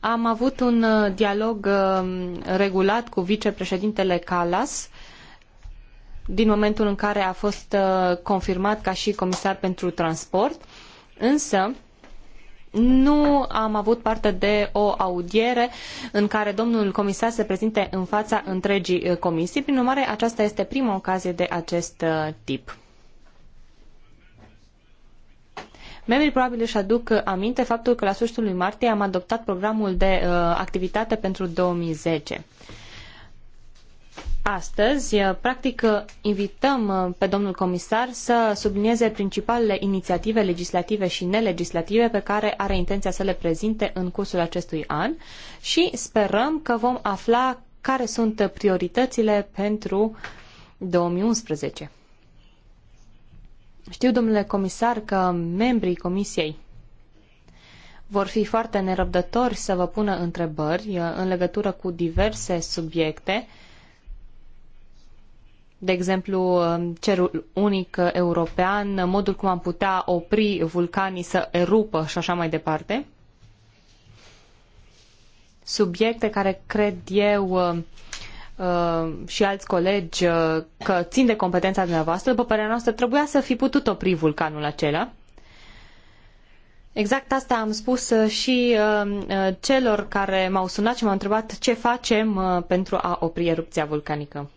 Am avut un uh, dialog uh, regulat cu vicepreședintele Kallas din momentul în care a fost uh, confirmat ca și comisar pentru transport, însă nu am avut parte de o audiere în care domnul comisar se prezinte în fața întregii comisii. Prin urmare, aceasta este prima ocazie de acest tip. Membrii probabil își aduc uh, aminte faptul că la sfârșitul lui martie am adoptat programul de uh, activitate pentru 2010. Astăzi, uh, practic, uh, invităm pe domnul comisar să sublinieze principalele inițiative legislative și nelegislative pe care are intenția să le prezinte în cursul acestui an și sperăm că vom afla care sunt prioritățile pentru 2011. Știu, domnule comisar, că membrii comisiei vor fi foarte nerăbdători să vă pună întrebări uh, în legătură cu diverse subiecte, de exemplu, um, cerul unic european, modul cum am putea opri vulcanii să erupă și așa mai departe. Subiecte care cred eu um, Uh, și alți colegi uh, că țin de competența dumneavoastră, după părerea noastră, trebuia să fi putut opri vulcanul acela. Exact asta am spus uh, și celor care m-au sunat și m-au întrebat ce facem pentru a opri erupția vulcanică.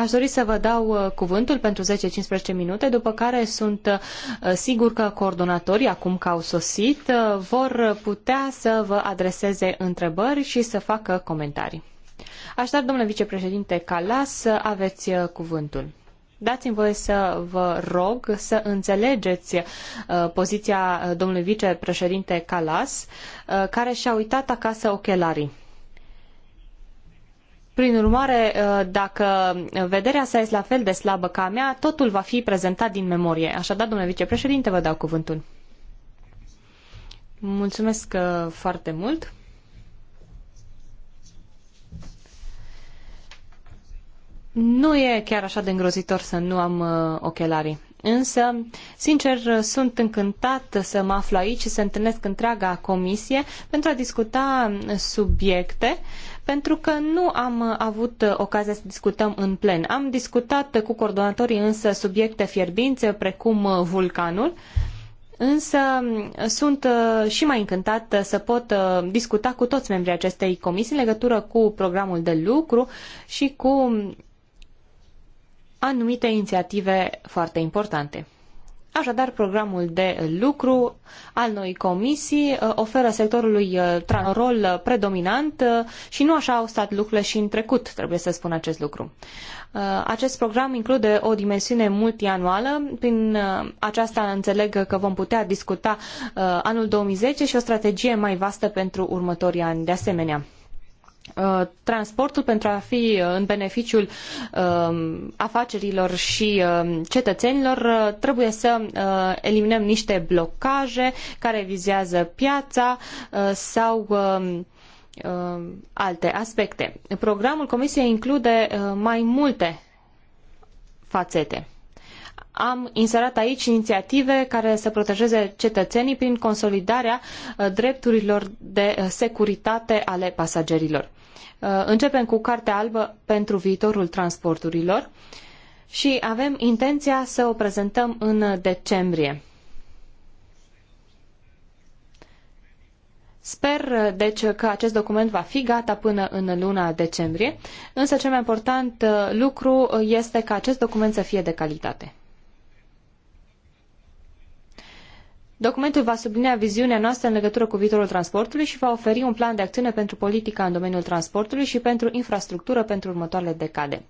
Aș dori să vă dau uh, cuvântul pentru 10-15 minute, după care sunt uh, sigur că coordonatorii, acum că au sosit, uh, vor putea să vă adreseze întrebări și să facă comentarii. Așadar, domnule vicepreședinte Calas, aveți cuvântul. Dați-mi voie să vă rog să înțelegeți poziția domnului vicepreședinte Calas, care și-a uitat acasă ochelarii. Prin urmare, uh, dacă vederea sa este la fel de slabă ca a mea, totul va fi prezentat din memorie. Așadar, domnule vicepreședinte, vă dau cuvântul. Mulțumesc uh, foarte mult. Nu e chiar așa de îngrozitor să nu am uh, ochelarii. Însă, sincer, sunt încântat să mă aflu aici și să întâlnesc întreaga comisie pentru a discuta subiecte pentru că nu am uh, avut uh, ocazia să discutăm în plen. Am discutat uh, cu coordonatorii însă subiecte fierbințe, precum vulcanul, însă mm, sunt și mai încântată să pot discuta cu toți membrii acestei comisii în legătură cu programul de lucru și cu anumite inițiative foarte importante. Așadar, programul de lucru al noii comisii uh, oferă sectorului un uh, rol uh, predominant și nu așa au stat lucrurile și în trecut, trebuie să spun acest lucru. Acest program include o dimensiune multianuală. Prin aceasta înțeleg că vom putea discuta anul 2010 și o strategie mai vastă pentru următorii ani de asemenea. Uh, transportul pentru a fi uh, în beneficiul um, afacerilor și um, cetățenilor, uh, trebuie să eliminăm niște blocaje care vizează piața sau um, alte aspecte. Programul Comisiei include mai multe fațete. Am inserat aici inițiative care să protejeze cetățenii prin consolidarea drepturilor de securitate ale pasagerilor. Uh, începem cu Cartea Albă pentru viitorul transporturilor și avem intenția să o prezentăm în decembrie. Sper, uh, deci, că acest document va fi gata până în luna decembrie, însă cel mai important uh, lucru este ca acest document să fie de calitate. Documentul va sublinia viziunea noastră în legătură cu viitorul transportului și va oferi un plan de acțiune pentru politica în domeniul transportului și pentru infrastructură pentru următoarele decade.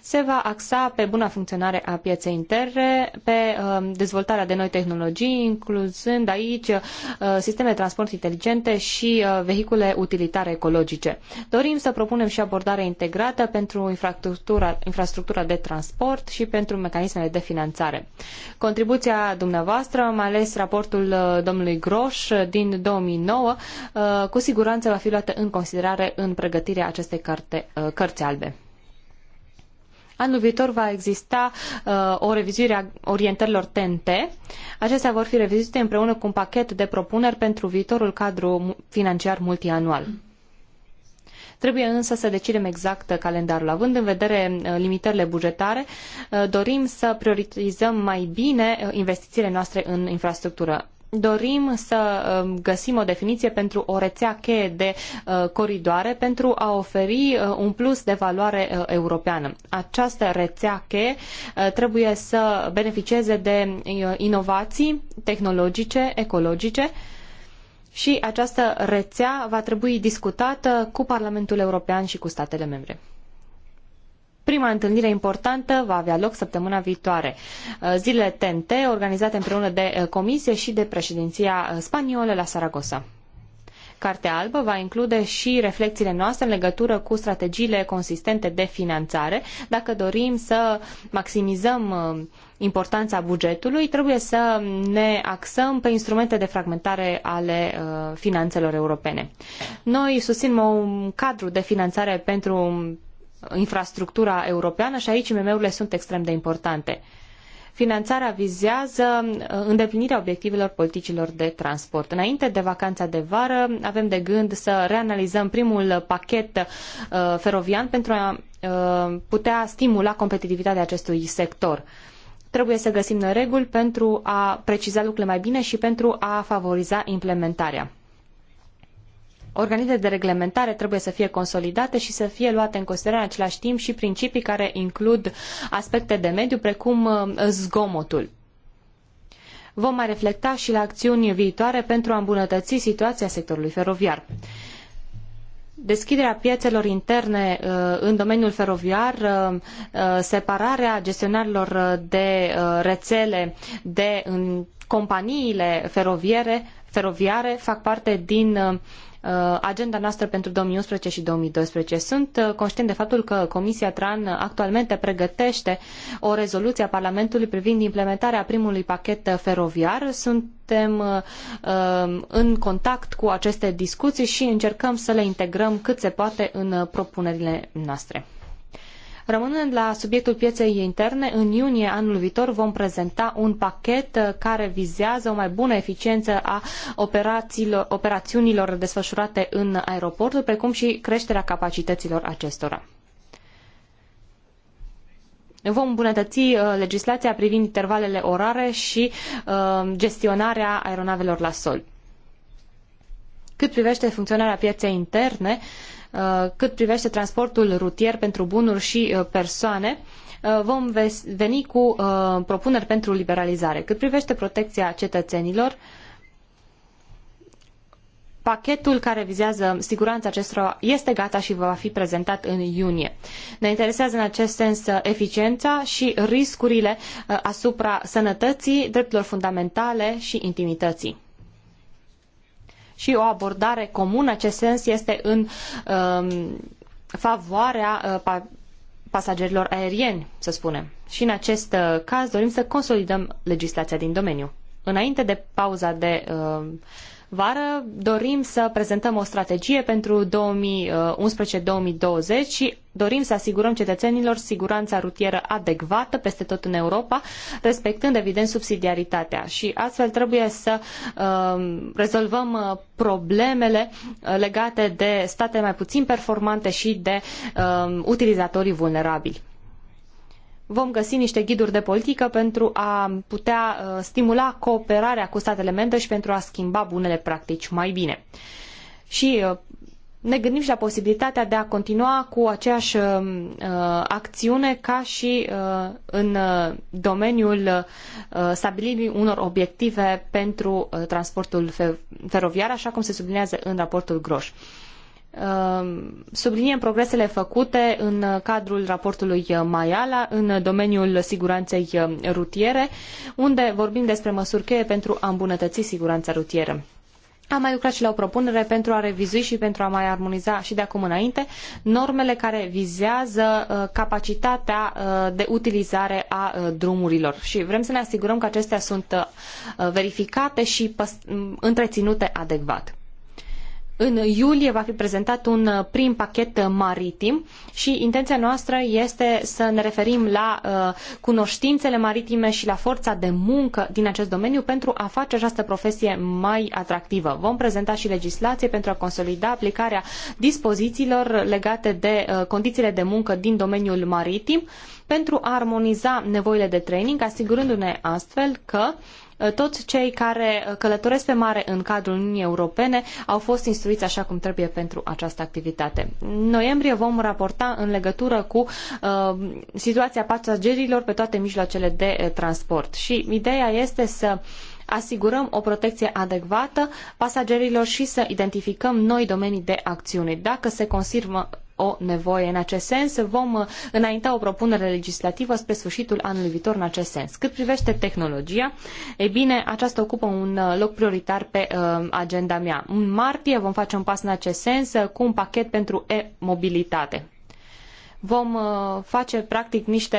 Se va axa pe buna funcționare a pieței interne, pe um, dezvoltarea de noi tehnologii, incluzând aici uh, sisteme de transport inteligente și uh, vehicule utilitare ecologice. Dorim să propunem și abordare integrată pentru infrastructura, infrastructura de transport și pentru mecanismele de finanțare. Contribuția dumneavoastră, mai ales raportul raportul uh, domnului Groș uh, din 2009 uh, cu siguranță va fi luată în considerare în pregătirea acestei carte, cărți albe. Anul viitor va exista uh, o revizuire a orientărilor TNT. Acestea vor fi revizuite împreună cu un pachet de propuneri pentru viitorul cadru financiar multianual. Mm. Trebuie însă să decidem exact calendarul. Având în vedere uh, limitările bugetare, uh, dorim să prioritizăm mai bine uh, investițiile noastre în infrastructură dorim să găsim o definiție pentru o rețea cheie de coridoare pentru a oferi un plus de valoare europeană. Această rețea cheie trebuie să beneficieze de inovații tehnologice, ecologice, și această rețea va trebui discutată cu Parlamentul European și cu statele membre. Prima întâlnire importantă va avea loc săptămâna viitoare. Uh, Zilele TNT organizate împreună de uh, Comisie și de președinția uh, spaniolă la Saragossa. Cartea albă va include și reflexiile noastre în legătură cu strategiile consistente de finanțare. Dacă dorim să maximizăm uh, importanța bugetului, trebuie să ne axăm pe instrumente de fragmentare ale uh, finanțelor europene. Noi susținem un cadru de finanțare pentru uh, infrastructura europeană și aici IMM-urile sunt extrem de importante. Finanțarea vizează uh, îndeplinirea obiectivelor politicilor de transport. Înainte de vacanța de vară avem de gând să reanalizăm primul pachet uh, ferovian pentru a uh, putea stimula competitivitatea acestui sector trebuie să găsim noi reguli pentru a preciza lucrurile mai bine și pentru a favoriza implementarea organismele de reglementare trebuie să fie consolidate și să fie luate în considerare în același timp și principii care includ aspecte de mediu, precum uh, zgomotul. Vom mai reflecta și la acțiuni viitoare pentru a îmbunătăți situația sectorului feroviar. Deschiderea piețelor interne uh, în domeniul feroviar, uh, separarea gestionarilor de rețele de companiile feroviere, feroviare fac parte din Uh, agenda noastră pentru 2011 și 2012. Sunt uh, conștient de faptul că Comisia TRAN actualmente pregătește o rezoluție a Parlamentului privind implementarea primului pachet feroviar. Suntem uh, în contact cu aceste discuții și încercăm să le integrăm cât se poate în propunerile noastre. Rămânând la subiectul pieței interne, în iunie anul viitor vom prezenta un pachet uh, care vizează o mai bună eficiență a operațiunilor desfășurate în aeroporturi, precum și creșterea capacităților acestora. Vom îmbunătăți uh, legislația privind intervalele orare și uh, gestionarea aeronavelor la sol. Cât privește funcționarea pieței interne, uh, Uh, cât privește transportul rutier pentru bunuri și uh, persoane, uh, vom veni cu propuneri pentru liberalizare. Cât privește protecția cetățenilor, Pachetul care vizează siguranța acestora este gata și va fi prezentat în iunie. Ne interesează în acest sens eficiența și riscurile asupra sănătății, drepturilor fundamentale și intimității și o abordare comună, ce sens este în um, favoarea uh, pa pasagerilor aerieni, să spunem. Și în acest uh, caz dorim să consolidăm legislația din domeniu. Înainte de pauza de uh, vară dorim să prezentăm o strategie pentru 2011-2020 și dorim să asigurăm cetățenilor siguranța rutieră adecvată peste tot în Europa, respectând evident subsidiaritatea. Și astfel trebuie să um, rezolvăm uh, problemele uh, legate de state mai puțin performante și de uh, utilizatorii vulnerabili vom găsi niște ghiduri de politică pentru a putea uh, stimula cooperarea cu statele membre și pentru a schimba bunele practici mai bine. Și uh, ne gândim și la posibilitatea de a continua cu aceeași uh, acțiune ca și în domeniul stabilirii unor obiective pentru transportul feroviar, așa cum se sublinează în raportul Groș. Um, subliniem progresele făcute în cadrul raportului Maiala în domeniul siguranței um, rutiere, unde vorbim despre măsuri cheie pentru a îmbunătăți siguranța rutieră. Am mai lucrat și la o propunere pentru a revizui și pentru a mai armoniza și de acum înainte normele care vizează uh, capacitatea uh, de utilizare a uh, drumurilor și vrem să ne asigurăm că acestea sunt verificate și întreținute adecvat. În iulie va fi prezentat un uh, prim pachet uh, maritim și intenția noastră este să ne referim la uh, cunoștințele maritime și la forța de muncă din acest domeniu pentru a face această profesie mai atractivă. Vom prezenta și legislație pentru a consolida aplicarea dispozițiilor legate de condițiile de muncă din domeniul maritim pentru a armoniza nevoile de training, asigurându-ne astfel că toți cei care călătoresc pe mare în cadrul Uniunii Europene au fost instruiți așa cum trebuie pentru această activitate. În noiembrie vom raporta în legătură cu uh, situația pasagerilor pe toate mijloacele de uh, transport și ideea este să asigurăm o protecție adecvată pasagerilor și să identificăm noi domenii de acțiune. Dacă se confirmă o nevoie în acest sens. Vom uh, înainta o propunere legislativă spre sfârșitul anului viitor în acest sens. Cât privește tehnologia, e bine, aceasta ocupă un uh, loc prioritar pe uh, agenda mea. În martie vom face un pas în acest sens cu un pachet pentru e-mobilitate vom face practic niște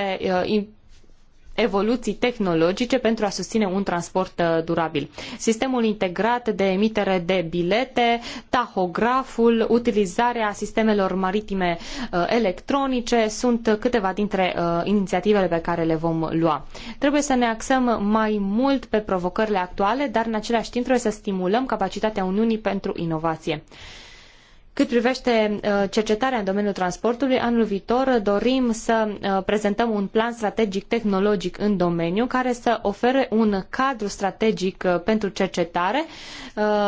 evoluții tehnologice pentru a susține un transport uh, durabil. Sistemul integrat de emitere de bilete, tahograful, utilizarea sistemelor maritime uh, electronice sunt câteva dintre uh, inițiativele pe care le vom lua. Trebuie să ne axăm mai mult pe provocările actuale, dar în același timp trebuie să stimulăm capacitatea Uniunii pentru inovație. Cât privește uh, cercetarea în domeniul transportului, anul viitor dorim să uh, prezentăm un plan strategic tehnologic în domeniu care să ofere un cadru strategic uh, pentru cercetare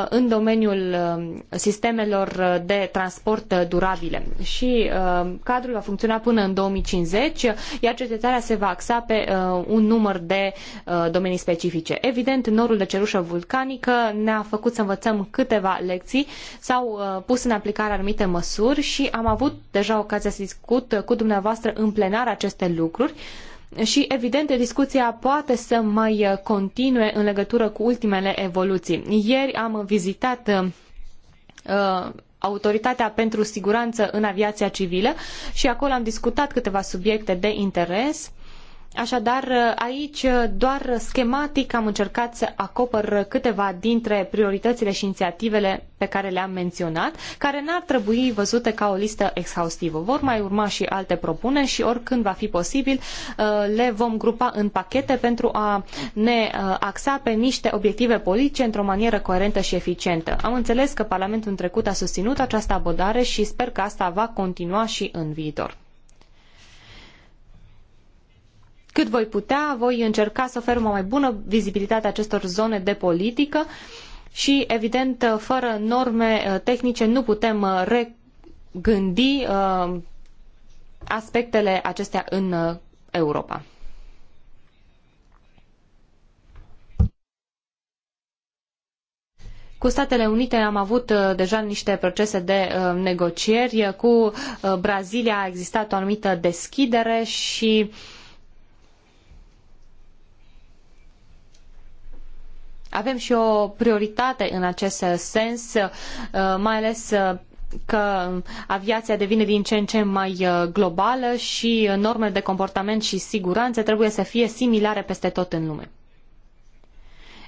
în domeniul sistemelor de transport durabile. Și cadrul va funcționa până în 2050, iar cercetarea se va axa pe un număr de domenii specifice. Evident, norul de cerușă vulcanică ne-a făcut să învățăm câteva lecții, s-au pus în aplicare aplicare anumite măsuri și am avut deja ocazia să discut cu dumneavoastră în plenar aceste lucruri și evident discuția poate să mai continue în legătură cu ultimele evoluții. Ieri am vizitat uh, Autoritatea pentru Siguranță în Aviația Civilă și acolo am discutat câteva subiecte de interes uh, Așadar, aici doar schematic am încercat să acopăr câteva dintre prioritățile și inițiativele pe care le-am menționat, care n-ar trebui văzute ca o listă exhaustivă. Vor mai urma și alte propuneri și oricând va fi posibil uh, le vom grupa în pachete pentru a ne uh, axa pe niște obiective politice într-o manieră coerentă și eficientă. Am înțeles că Parlamentul în trecut a susținut această abordare și sper că asta va continua și în viitor. Cât voi putea, voi încerca să ofer o mai bună vizibilitate acestor zone de politică și, evident, fără norme uh, tehnice nu putem uh, regândi uh, aspectele acestea în Europa. Cu Statele Unite am avut deja niște procese de negocieri, cu Brazilia a existat o anumită deschidere și uh, Avem și o prioritate în acest sens, uh, mai ales uh, că aviația devine din ce în ce mai uh, globală și normele de comportament și siguranță trebuie să fie similare peste tot în lume.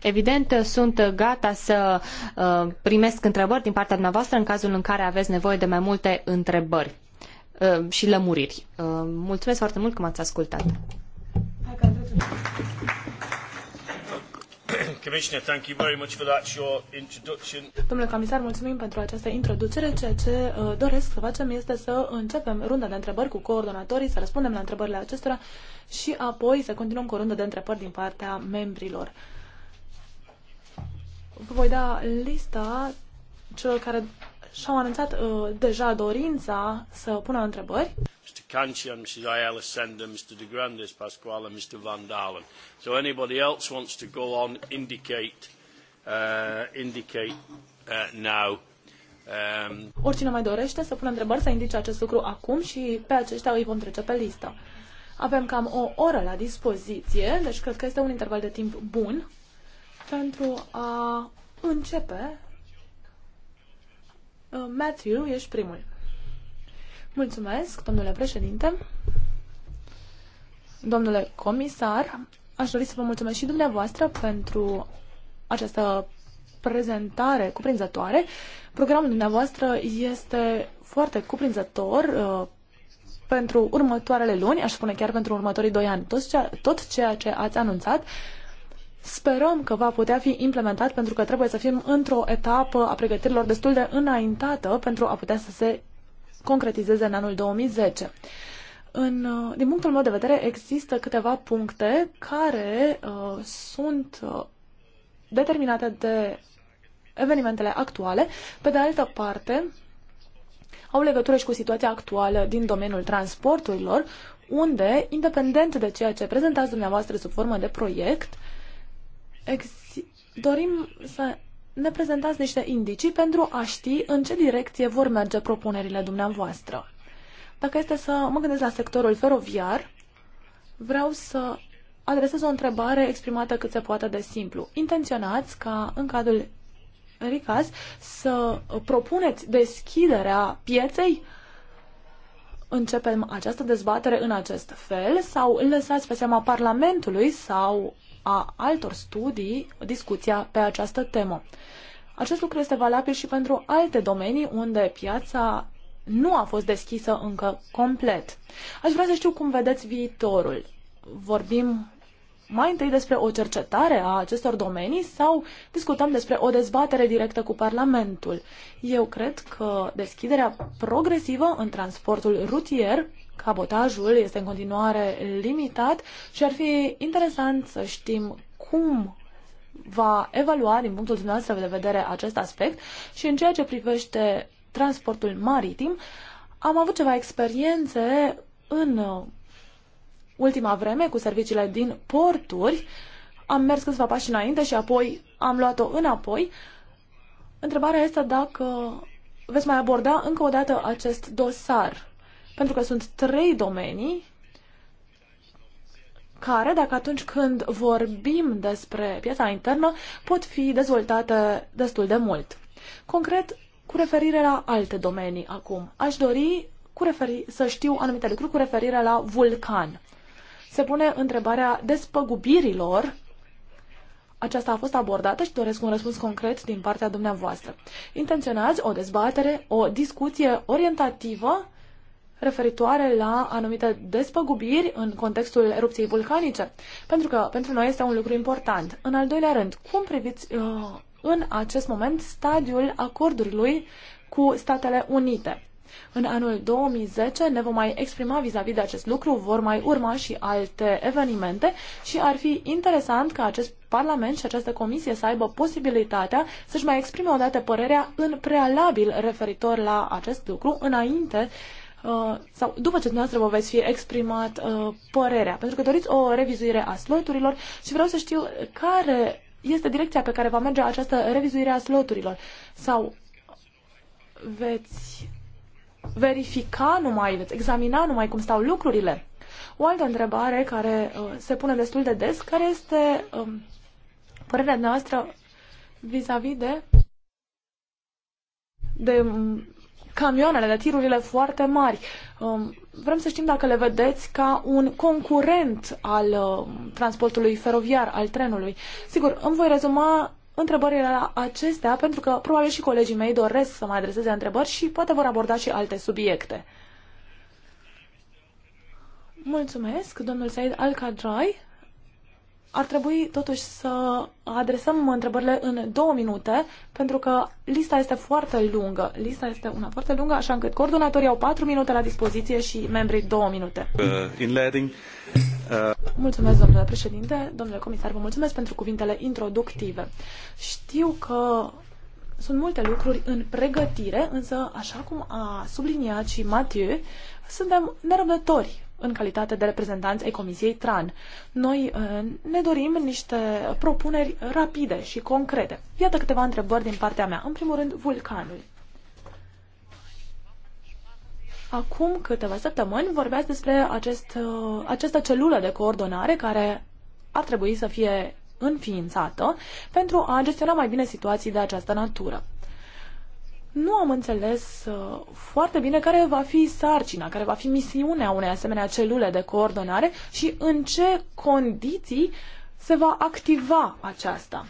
Evident, sunt gata să primesc întrebări din partea dumneavoastră în cazul în care aveți nevoie de mai multe întrebări și lămuriri. Mulțumesc foarte mult că m-ați ascultat. Domnule comisar, mulțumim pentru această introducere. Ceea ce uh, doresc să facem este să începem runda de întrebări cu coordonatorii, să răspundem la întrebările acestora și apoi să continuăm cu o rundă de întrebări din partea membrilor. Vă voi da lista celor care și-au anunțat uh, deja dorința să pună întrebări. Mr. Cancian, Mrs. Ayala Sender, Mr. De Grandes Pasquale, Mr. Van Dalen. So anybody else wants to go on, indicate, uh, indicate uh, now. Um... Oricine mai dorește să pună întrebări, să indice acest lucru acum și pe aceștia îi vom trece pe listă. Avem cam o oră la dispoziție, deci cred că este un interval de timp bun pentru a începe Uh, Matthew, ești primul. Mulțumesc, domnule președinte. Domnule comisar, aș dori să vă mulțumesc și dumneavoastră pentru această prezentare cuprinzătoare. Programul dumneavoastră este foarte cuprinzător uh, pentru următoarele luni, aș spune chiar pentru următorii doi ani. Tot ceea, tot ceea ce ați anunțat sperăm că va putea fi implementat pentru că trebuie să fim într-o etapă a pregătirilor destul de înaintată pentru a putea să se concretizeze în anul 2010. În, uh, din punctul meu de vedere, există câteva puncte care uh, sunt uh, determinate de evenimentele actuale. Pe de altă parte, au legătură și cu situația actuală din domeniul transporturilor, unde, independent de ceea ce prezentați dumneavoastră sub formă de proiect, uh, dorim să ne prezentați niște indicii pentru a ști în ce direcție vor merge propunerile dumneavoastră. Dacă este să mă gândesc la sectorul feroviar, vreau să adresez o întrebare exprimată cât se poate de simplu. Intenționați ca în cadrul ricas, să propuneți deschiderea pieței? Începem această dezbatere în acest fel sau lăsați pe seama Parlamentului sau a altor studii discuția pe această temă. Acest lucru este valabil și pentru alte domenii unde piața nu a fost deschisă încă complet. Aș vrea să știu cum vedeți viitorul. Vorbim mai întâi despre o cercetare a acestor domenii sau discutăm despre o dezbatere directă cu Parlamentul? Eu cred că deschiderea progresivă în transportul rutier cabotajul este în continuare limitat și ar fi interesant să știm cum va evalua din punctul dumneavoastră de vedere acest aspect și în ceea ce privește transportul maritim, am avut ceva experiențe în ultima vreme cu serviciile din porturi. Am mers câțiva pași înainte și apoi am luat-o înapoi. Întrebarea este dacă veți mai aborda încă o dată acest dosar pentru că sunt trei domenii care, dacă atunci când vorbim despre piața internă, pot fi dezvoltate destul de mult. Concret, cu referire la alte domenii acum, aș dori cu referi- să știu anumite lucruri cu referire la vulcan. Se pune întrebarea despăgubirilor. Aceasta a fost abordată și doresc un răspuns concret din partea dumneavoastră. Intenționați o dezbatere, o discuție orientativă referitoare la anumite despăgubiri în contextul erupției vulcanice? Pentru că pentru noi este un lucru important. În al doilea rând, cum priviți uh, în acest moment stadiul acordului cu Statele Unite? În anul 2010 ne vom mai exprima vis-a-vis -vis de acest lucru, vor mai urma și alte evenimente și ar fi interesant ca acest Parlament și această comisie să aibă posibilitatea să-și mai exprime odată părerea în prealabil referitor la acest lucru, înainte uh, Uh, sau după ce dumneavoastră vă veți fi exprimat uh, părerea, pentru că doriți o revizuire a sloturilor și vreau să știu care este direcția pe care va merge această revizuire a sloturilor sau veți verifica numai, veți examina numai cum stau lucrurile. O altă întrebare care uh, se pune destul de des, care este uh, părerea noastră vis-a-vis -vis de, de um, camioanele, tirurile foarte mari. Um, vrem să știm dacă le vedeți ca un concurent al um, transportului feroviar, al trenului. Sigur, îmi voi rezuma întrebările la acestea, pentru că probabil și colegii mei doresc să mai adreseze întrebări și poate vor aborda și alte subiecte. Mulțumesc, domnul Said Al-Kadrai ar trebui totuși să adresăm întrebările în două minute, pentru că lista este foarte lungă. Lista este una foarte lungă, așa încât coordonatorii au patru minute la dispoziție și membrii două minute. Uh, uh... Mulțumesc, domnule președinte, domnule comisar, vă mulțumesc pentru cuvintele introductive. Știu că sunt multe lucruri în pregătire, însă, așa cum a subliniat și Mathieu, suntem nerăbdători în calitate de reprezentanți ai Comisiei TRAN. Noi uh, ne dorim niște propuneri rapide și concrete. Iată câteva întrebări din partea mea. În primul rând, vulcanul. Acum câteva săptămâni vorbeați despre acest, uh, această celulă de coordonare care ar trebui să fie înființată pentru a gestiona mai bine situații de această natură nu am înțeles uh, foarte bine care va fi sarcina, care va fi misiunea unei asemenea celule de coordonare și în ce condiții se va activa aceasta.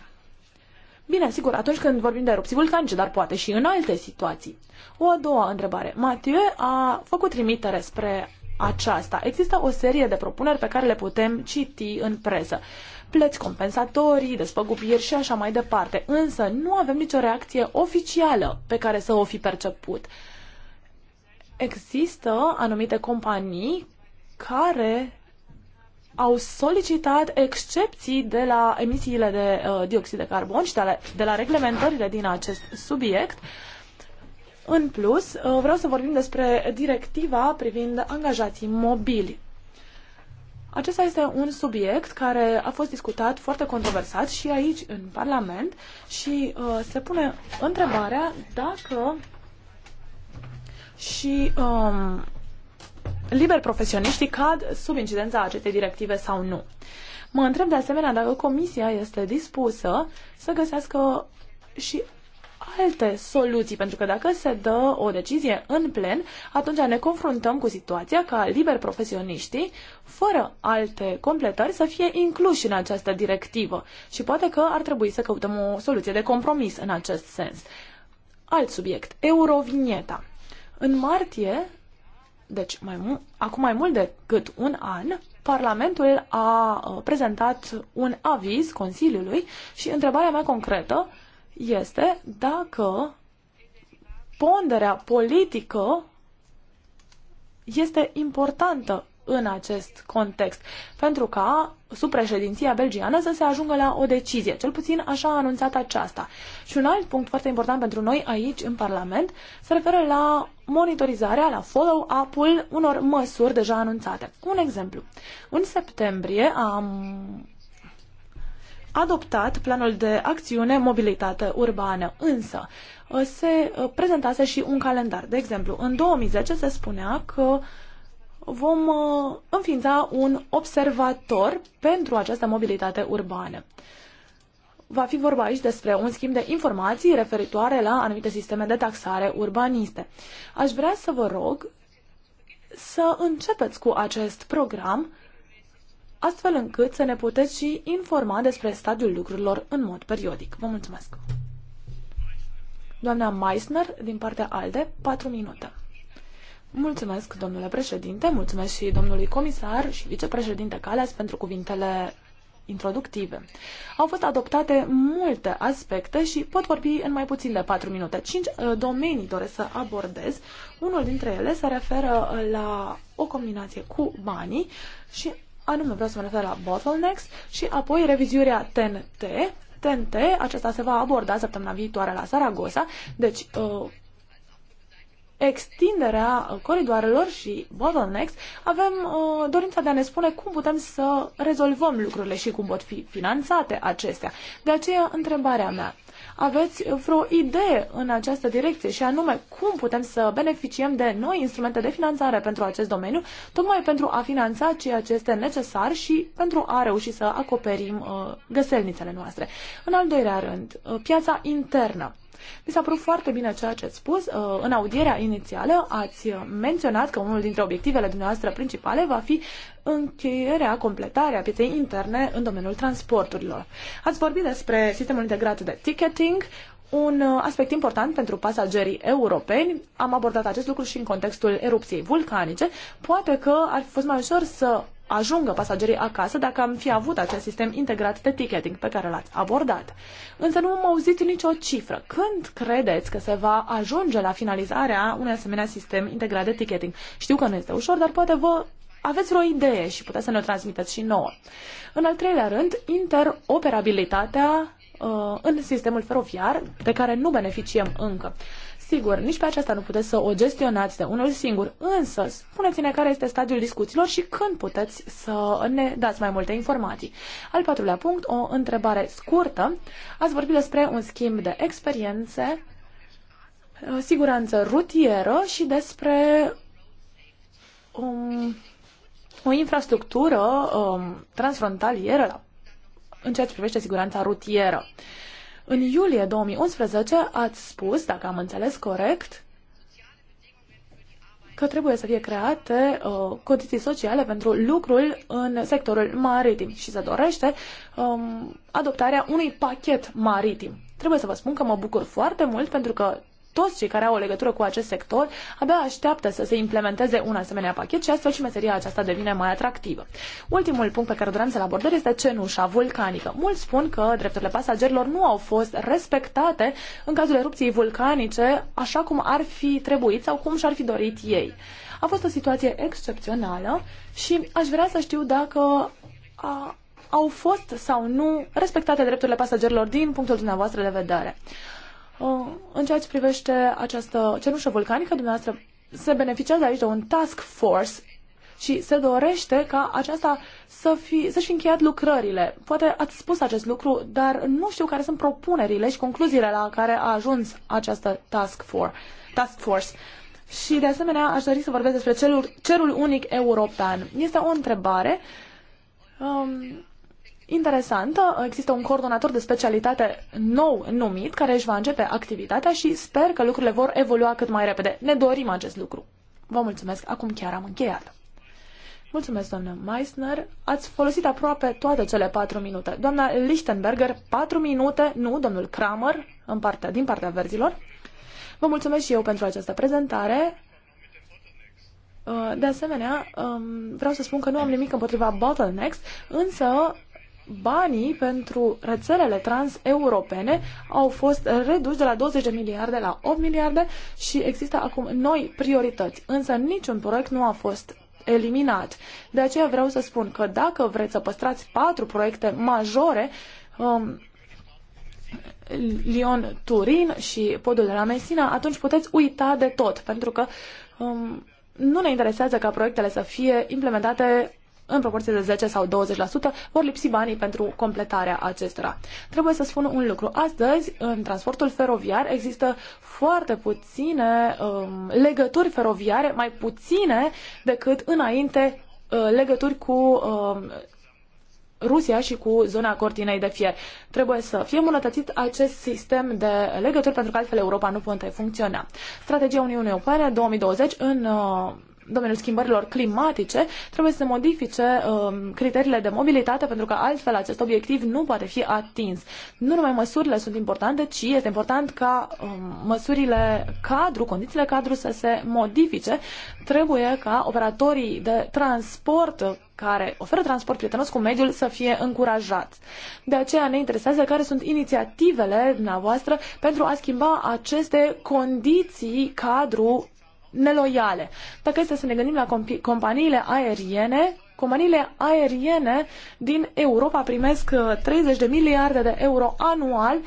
Bine, sigur, atunci când vorbim de erupții vulcanice, dar poate și în alte situații. O a doua întrebare. Mathieu a făcut trimitere spre aceasta. Există o serie de propuneri pe care le putem citi în presă plăți compensatorii, despăgubiri și așa mai departe. Însă nu avem nicio reacție oficială pe care să o fi perceput. Există anumite companii care au solicitat excepții de la emisiile de uh, dioxid de carbon și de la, de la reglementările din acest subiect. În plus, uh, vreau să vorbim despre directiva privind angajații mobili. Acesta este un subiect care a fost discutat foarte controversat și aici, în Parlament, și uh, se pune întrebarea dacă și um, liber profesioniștii cad sub incidența acestei directive sau nu. Mă întreb de asemenea dacă Comisia este dispusă să găsească și alte soluții, pentru că dacă se dă o decizie în plen, atunci ne confruntăm cu situația ca liber profesioniștii, fără alte completări, să fie incluși în această directivă și poate că ar trebui să căutăm o soluție de compromis în acest sens. Alt subiect, Eurovinieta. În martie, deci mai, acum mai mult decât un an, Parlamentul a uh, prezentat un aviz Consiliului și întrebarea mea concretă este dacă ponderea politică este importantă în acest context, pentru ca sub președinția belgiană să se ajungă la o decizie. Cel puțin așa a anunțat aceasta. Și un alt punct foarte important pentru noi aici, în Parlament, se referă la monitorizarea, la follow-up-ul unor măsuri deja anunțate. Un exemplu. În septembrie am adoptat planul de acțiune mobilitate urbană, însă uh, se uh, prezentase și un calendar. De exemplu, în 2010 se spunea că vom uh, înființa un observator pentru această mobilitate urbană. Va fi vorba aici despre un schimb de informații referitoare la anumite sisteme de taxare urbaniste. Aș vrea să vă rog să începeți cu acest program astfel încât să ne puteți și informa despre stadiul lucrurilor în mod periodic. Vă mulțumesc! Doamna Meissner, din partea ALDE, 4 minute. Mulțumesc, domnule președinte, mulțumesc și domnului comisar și vicepreședinte Calas pentru cuvintele introductive. Au fost adoptate multe aspecte și pot vorbi în mai puțin de 4 minute. 5 uh, domenii doresc să abordez. Unul dintre ele se referă la o combinație cu banii și anume vreau să mă refer la bottlenecks și apoi revizuirea TNT. TNT, acesta se va aborda săptămâna viitoare la Saragossa, deci uh, extinderea coridoarelor și bottlenecks, avem uh, dorința de a ne spune cum putem să rezolvăm lucrurile și cum pot fi finanțate acestea. De aceea, întrebarea mea aveți vreo idee în această direcție și anume cum putem să beneficiem de noi instrumente de finanțare pentru acest domeniu, tocmai pentru a finanța ceea ce este necesar și pentru a reuși să acoperim uh, găselnițele noastre. În al doilea rând, uh, piața internă. Mi s-a părut foarte bine ceea ce ați spus. Uh, în audierea inițială ați menționat că unul dintre obiectivele dumneavoastră principale va fi încheierea, completarea pieței interne în domeniul transporturilor. Ați vorbit despre sistemul integrat de ticketing, un uh, aspect important pentru pasagerii europeni. Am abordat acest lucru și în contextul erupției vulcanice. Poate că ar fi fost mai ușor să ajungă pasagerii acasă dacă am fi avut acest sistem integrat de ticketing pe care l-ați abordat. Însă nu am auzit nicio cifră. Când credeți că se va ajunge la finalizarea unui asemenea sistem integrat de ticketing? Știu că nu este ușor, dar poate vă aveți vreo idee și puteți să ne o transmiteți și nouă. În al treilea rând, interoperabilitatea uh, în sistemul feroviar de care nu beneficiem încă. Sigur, nici pe aceasta nu puteți să o gestionați de unul singur, însă spuneți-ne care este stadiul discuțiilor și când puteți să ne dați mai multe informații. Al patrulea punct, o întrebare scurtă. Ați vorbit despre un schimb de experiențe, uh, siguranță rutieră și despre um, o infrastructură um, transfrontalieră în ceea ce privește siguranța rutieră. Uh, în iulie 2011 ați spus, dacă am înțeles corect, că trebuie să fie create uh, condiții sociale pentru lucrul în sectorul maritim și se dorește um, adoptarea unui pachet maritim. Trebuie să vă spun că mă bucur foarte mult pentru că toți cei care au o legătură cu acest sector abia așteaptă să se implementeze un asemenea pachet și astfel și meseria aceasta devine mai atractivă. Ultimul punct pe care doream să-l abordez este cenușa vulcanică. Mulți spun că drepturile pasagerilor nu au fost respectate în cazul erupției vulcanice așa cum ar fi trebuit sau cum și-ar fi dorit ei. A fost o situație excepțională și aș vrea să știu dacă a, au fost sau nu respectate drepturile pasagerilor din punctul dumneavoastră de vedere. Uh, în ceea ce privește această cenușă vulcanică, dumneavoastră se beneficiază aici de un task force și se dorește ca aceasta să fi, să-și fi încheiat lucrările. Poate ați spus acest lucru, dar nu știu care sunt propunerile și concluziile la care a ajuns această task, for, task force. Și de asemenea aș dori să vorbesc despre cerul, cerul unic european. Este o întrebare. Um, interesantă. Există un coordonator de specialitate nou numit care își va începe activitatea și sper că lucrurile vor evolua cât mai repede. Ne dorim acest lucru. Vă mulțumesc. Acum chiar am încheiat. Mulțumesc, doamnă Meissner. Ați folosit aproape toate cele patru minute. Doamna Lichtenberger, patru minute, nu, domnul Kramer, în partea, din partea verzilor. Vă mulțumesc și eu pentru această prezentare. Uh, de asemenea, um, vreau să spun că nu am nimic împotriva bottlenecks, însă banii pentru rețelele transeuropene au fost reduși de la 20 de miliarde la 8 miliarde și există acum noi priorități. Însă niciun proiect nu a fost eliminat. De aceea vreau să spun că dacă vreți să păstrați patru proiecte majore, um, Lyon-Turin și podul de la Messina, atunci puteți uita de tot, pentru că um, nu ne interesează ca proiectele să fie implementate în proporție de 10 sau 20%, vor lipsi banii pentru completarea acestora. Trebuie să spun un lucru. Astăzi, în transportul feroviar, există foarte puține um, legături feroviare, mai puține decât înainte uh, legături cu um, Rusia și cu zona cortinei de fier. Trebuie să fie îmbunătățit acest sistem de legături pentru că altfel Europa nu poate funcționa. Strategia Uniunii Europene 2020 în uh, domeniul schimbărilor climatice, trebuie să modifice um, criteriile de mobilitate, pentru că altfel acest obiectiv nu poate fi atins. Nu numai măsurile sunt importante, ci este important ca um, măsurile cadru, condițiile cadru să se modifice. Trebuie ca operatorii de transport care oferă transport prietenos cu mediul să fie încurajați. De aceea ne interesează care sunt inițiativele dumneavoastră pentru a schimba aceste condiții cadru neloiale. Dacă este să ne gândim la comp companiile aeriene, companiile aeriene din Europa primesc 30 uh, de miliarde de euro anual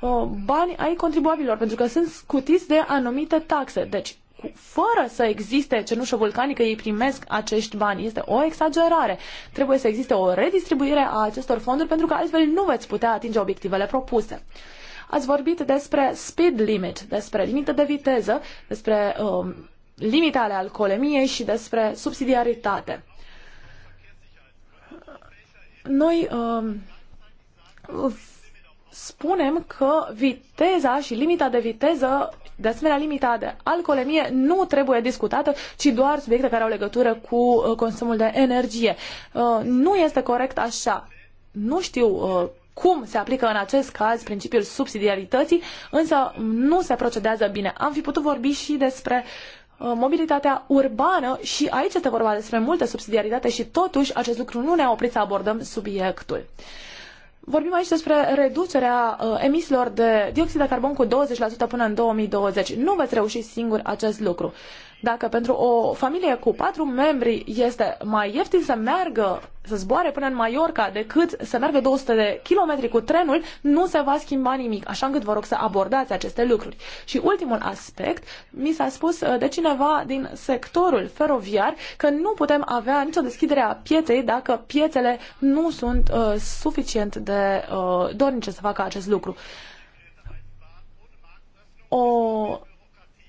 uh, bani ai contribuabilor, pentru că sunt scutiți de anumite taxe. Deci, fără să existe cenușă vulcanică, ei primesc acești bani. Este o exagerare. Trebuie să existe o redistribuire a acestor fonduri, pentru că altfel nu veți putea atinge obiectivele propuse. Ați vorbit despre speed limit, despre limită de viteză, despre uh, limite ale alcoolemiei și despre subsidiaritate. Noi uh, spunem că viteza și limita de viteză, de asemenea limita de alcoolemie, nu trebuie discutată, ci doar subiecte care au legătură cu uh, consumul de energie. Uh, nu este corect așa. Nu știu uh, cum se aplică în acest caz principiul subsidiarității, însă nu se procedează bine. Am fi putut vorbi și despre uh, Uh, mobilitatea urbană și aici este vorba despre multă subsidiaritate și totuși acest lucru nu ne-a oprit să abordăm subiectul. Vorbim aici despre reducerea uh, emisiilor de dioxid de carbon cu 20% până în 2020. Nu veți reuși singur acest lucru. Dacă pentru o familie cu patru membri este mai ieftin să meargă, să zboare până în Mallorca decât să meargă 200 de kilometri cu trenul, nu se va schimba nimic, așa încât vă rog să abordați aceste lucruri. Și ultimul aspect, mi s-a spus uh, de cineva din sectorul feroviar că nu putem avea nicio deschidere a pieței dacă piețele nu sunt uh, suficient de uh, dornice să facă acest lucru. O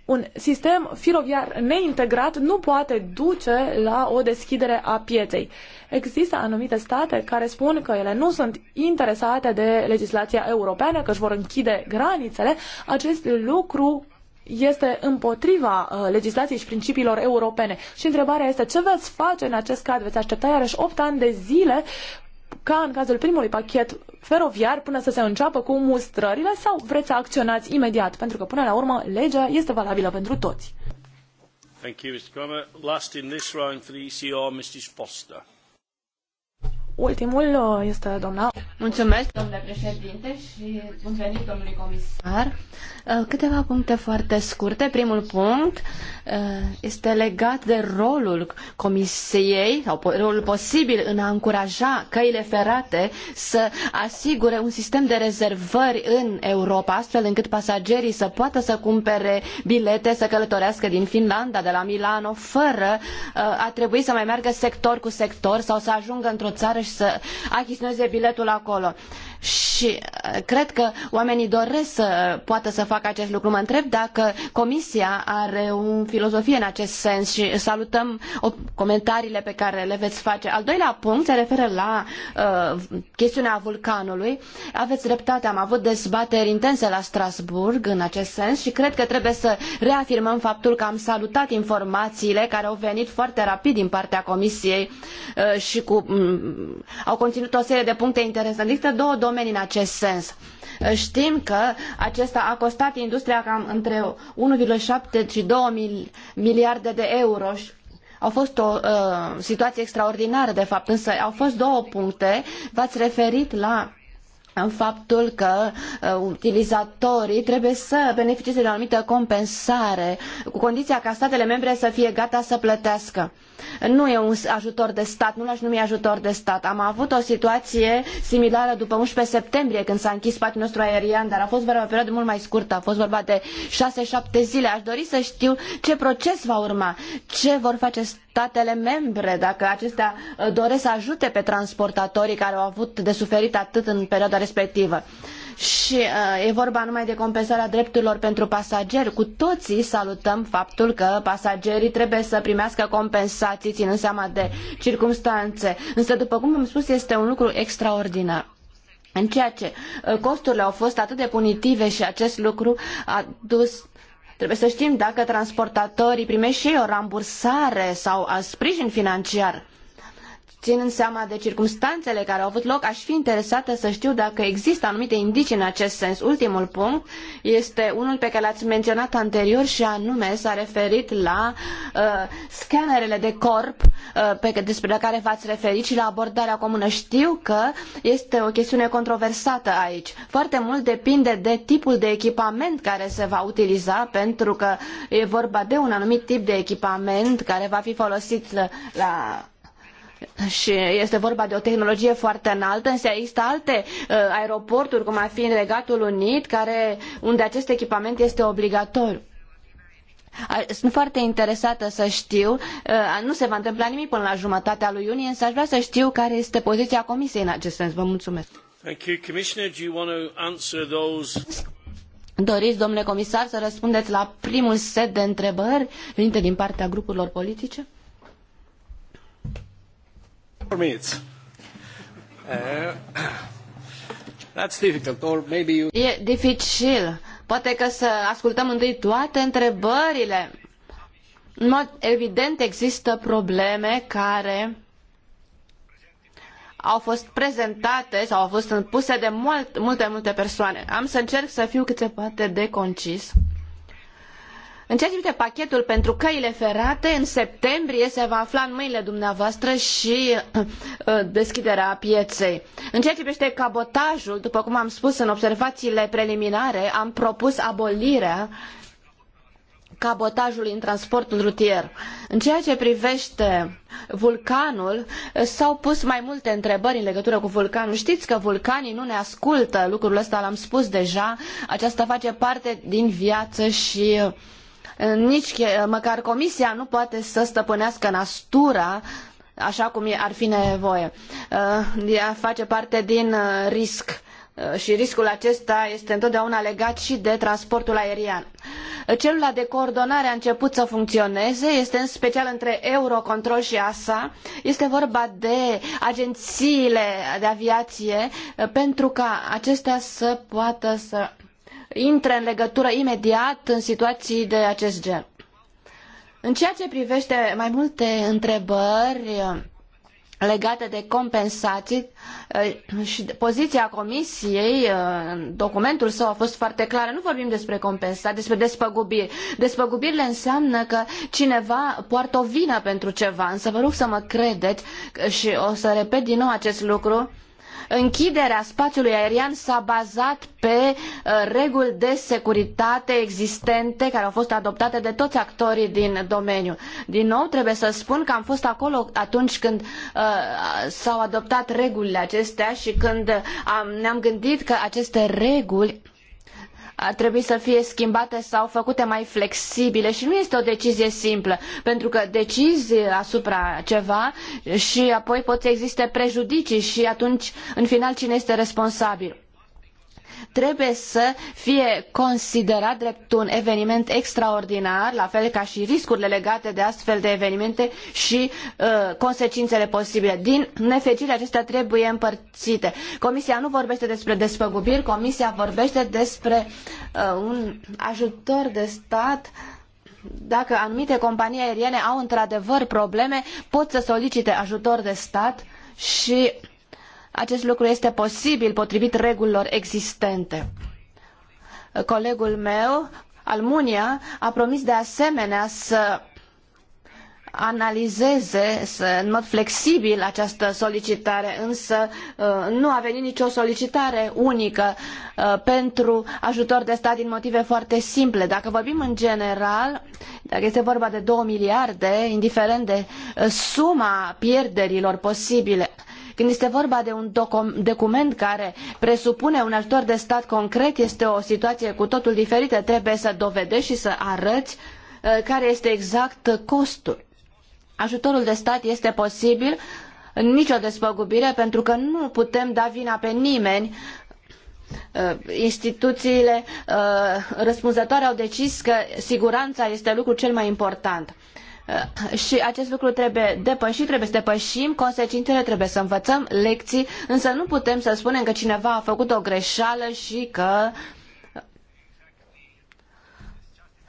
un sistem filoviar neintegrat nu poate duce la o deschidere a pieței. Există anumite state care spun că ele nu sunt interesate de legislația europeană, că își vor închide granițele. Acest lucru este împotriva uh, legislației și principiilor europene. Și întrebarea este ce veți face în acest caz? Veți aștepta iarăși 8 ani de zile ca în cazul primului pachet feroviar până să se înceapă cu mustrările sau vreți să acționați imediat? Pentru că până la urmă legea este valabilă pentru toți. Thank you, Mr. Last in this round for the ECR, Mr. Foster. Ultimul uh, este doamna. Mulțumesc, domnule președinte, și bun venit, domnule comisar. Uh, câteva puncte foarte scurte. Primul punct uh, este legat de rolul comisiei sau rolul posibil în a încuraja căile ferate să asigure un sistem de rezervări în Europa, astfel încât pasagerii să poată să cumpere bilete, să călătorească din Finlanda, de la Milano, fără a trebui să mai meargă sector cu sector sau să ajungă într-o țară și să achiziioneze biletul acolo și uh, cred că oamenii doresc să poată să facă acest lucru. Mă întreb dacă Comisia are o filozofie în acest sens și salutăm comentariile pe care le veți face. Al doilea punct se referă la uh, chestiunea vulcanului. Aveți dreptate, am avut dezbateri intense la Strasbourg în acest sens și cred că trebuie să reafirmăm faptul că am salutat informațiile care au venit foarte rapid din partea Comisiei uh, și cu, um, au conținut o serie de puncte interesante. Există două domenii domenii în acest sens. Știm că acesta a costat industria cam între 1,7 și 2 miliarde de euro au fost o uh, situație extraordinară, de fapt, însă au fost două puncte. V-ați referit la în faptul că uh, utilizatorii trebuie să beneficieze de o anumită compensare, cu condiția ca statele membre să fie gata să plătească. Uh, nu e un ajutor de stat, nu l-aș numi ajutor de stat. Am avut o situație similară după 11 septembrie, când s-a închis spațiul nostru aerian, dar a fost vorba de o perioadă mult mai scurtă, a fost vorba de 6-7 zile. Aș dori să știu ce proces va urma, ce vor face statele membre, dacă acestea uh, doresc să ajute pe transportatorii care au avut de suferit atât în perioada respectivă și uh, e vorba numai de compensarea drepturilor pentru pasageri. Cu toții salutăm faptul că pasagerii trebuie să primească compensații ținând seama de circumstanțe. Însă, după cum am spus, este un lucru extraordinar în ceea ce uh, costurile au fost atât de punitive și acest lucru a dus Trebuie să știm dacă transportatorii primesc și ei o rambursare sau sprijin financiar Ținând seama de circumstanțele care au avut loc, aș fi interesată să știu dacă există anumite indicii în acest sens. Ultimul punct este unul pe care l-ați menționat anterior și anume s-a referit la uh, scanerele de corp uh, pe, despre care v-ați referit și la abordarea comună. Știu că este o chestiune controversată aici. Foarte mult depinde de tipul de echipament care se va utiliza pentru că e vorba de un anumit tip de echipament care va fi folosit la și este vorba de o tehnologie foarte înaltă, însă există alte uh, aeroporturi, cum ar fi în Regatul Unit, care, unde acest echipament este obligatoriu. Sunt foarte interesată să știu, uh, nu se va întâmpla nimic până la jumătatea lui iunie, însă aș vrea să știu care este poziția Comisiei în acest sens. Vă mulțumesc. Doriți, domnule comisar, să răspundeți la primul set de întrebări venite din partea grupurilor politice? for me it's that's difficult, or maybe you... E dificil. Poate că să ascultăm întâi toate întrebările. În mod evident există probleme care au fost prezentate sau au fost puse de mult, multe, multe persoane. Am să încerc să fiu cât se poate de concis. Uh, în ceea ce privește pachetul pentru căile ferate, în septembrie se va afla în mâinile dumneavoastră și uh, uh, deschiderea pieței. În ceea ce privește cabotajul, după cum am spus în observațiile preliminare, am propus abolirea cabotajului în transportul rutier. În ceea ce privește vulcanul, s-au pus mai multe întrebări în legătură cu vulcanul. Știți că vulcanii nu ne ascultă, lucrul ăsta l-am spus deja, aceasta face parte din viață și uh, nici măcar comisia nu poate să stăpânească nastura așa cum ar fi nevoie. Uh, ea face parte din uh, risc uh, și riscul acesta este întotdeauna legat și de transportul aerian. Celula de coordonare a început să funcționeze, este în special între Eurocontrol și ASA. Este vorba de agențiile de aviație pentru ca acestea să poată să intre în legătură imediat în situații de acest gen. În ceea ce privește mai multe întrebări uh, legate de compensații uh, și poziția comisiei, uh, documentul său a fost foarte clară. Nu vorbim despre compensații, despre despăgubiri. Despăgubirile înseamnă că cineva poartă o vină pentru ceva, însă vă rog să mă credeți și o să repet din nou acest lucru Închiderea spațiului aerian s-a bazat pe uh, reguli de securitate existente care au fost adoptate de toți actorii din domeniu. Din nou, trebuie să spun că am fost acolo atunci când uh, s-au adoptat regulile acestea și când am, ne-am gândit că aceste reguli ar trebui să fie schimbate sau făcute mai flexibile și nu este o decizie simplă, pentru că decizi asupra ceva și apoi pot să existe prejudicii și atunci, în final, cine este responsabil? trebuie să fie considerat drept un eveniment extraordinar, la fel ca și riscurile legate de astfel de evenimente și uh, consecințele posibile. Din nefericire, acestea trebuie împărțite. Comisia nu vorbește despre despăgubiri, Comisia vorbește despre uh, un ajutor de stat dacă anumite companii aeriene au într-adevăr probleme, pot să solicite ajutor de stat și acest lucru este posibil potrivit regulilor existente. Colegul meu, Almunia, a promis de asemenea să analizeze să, în mod flexibil această solicitare, însă uh, nu a venit nicio solicitare unică uh, pentru ajutor de stat din motive foarte simple. Dacă vorbim în general, dacă este vorba de 2 miliarde, indiferent de uh, suma pierderilor posibile, când este vorba de un document care presupune un ajutor de stat concret, este o situație cu totul diferită. Trebuie să dovedești și să arăți uh, care este exact costul. Ajutorul de stat este posibil, nicio despăgubire, pentru că nu putem da vina pe nimeni uh, instituțiile uh, răspunzătoare au decis că siguranța este lucrul cel mai important. Uh, și acest lucru trebuie depășit, trebuie să depășim consecințele, trebuie să învățăm lecții, însă nu putem să spunem că cineva a făcut o greșeală și că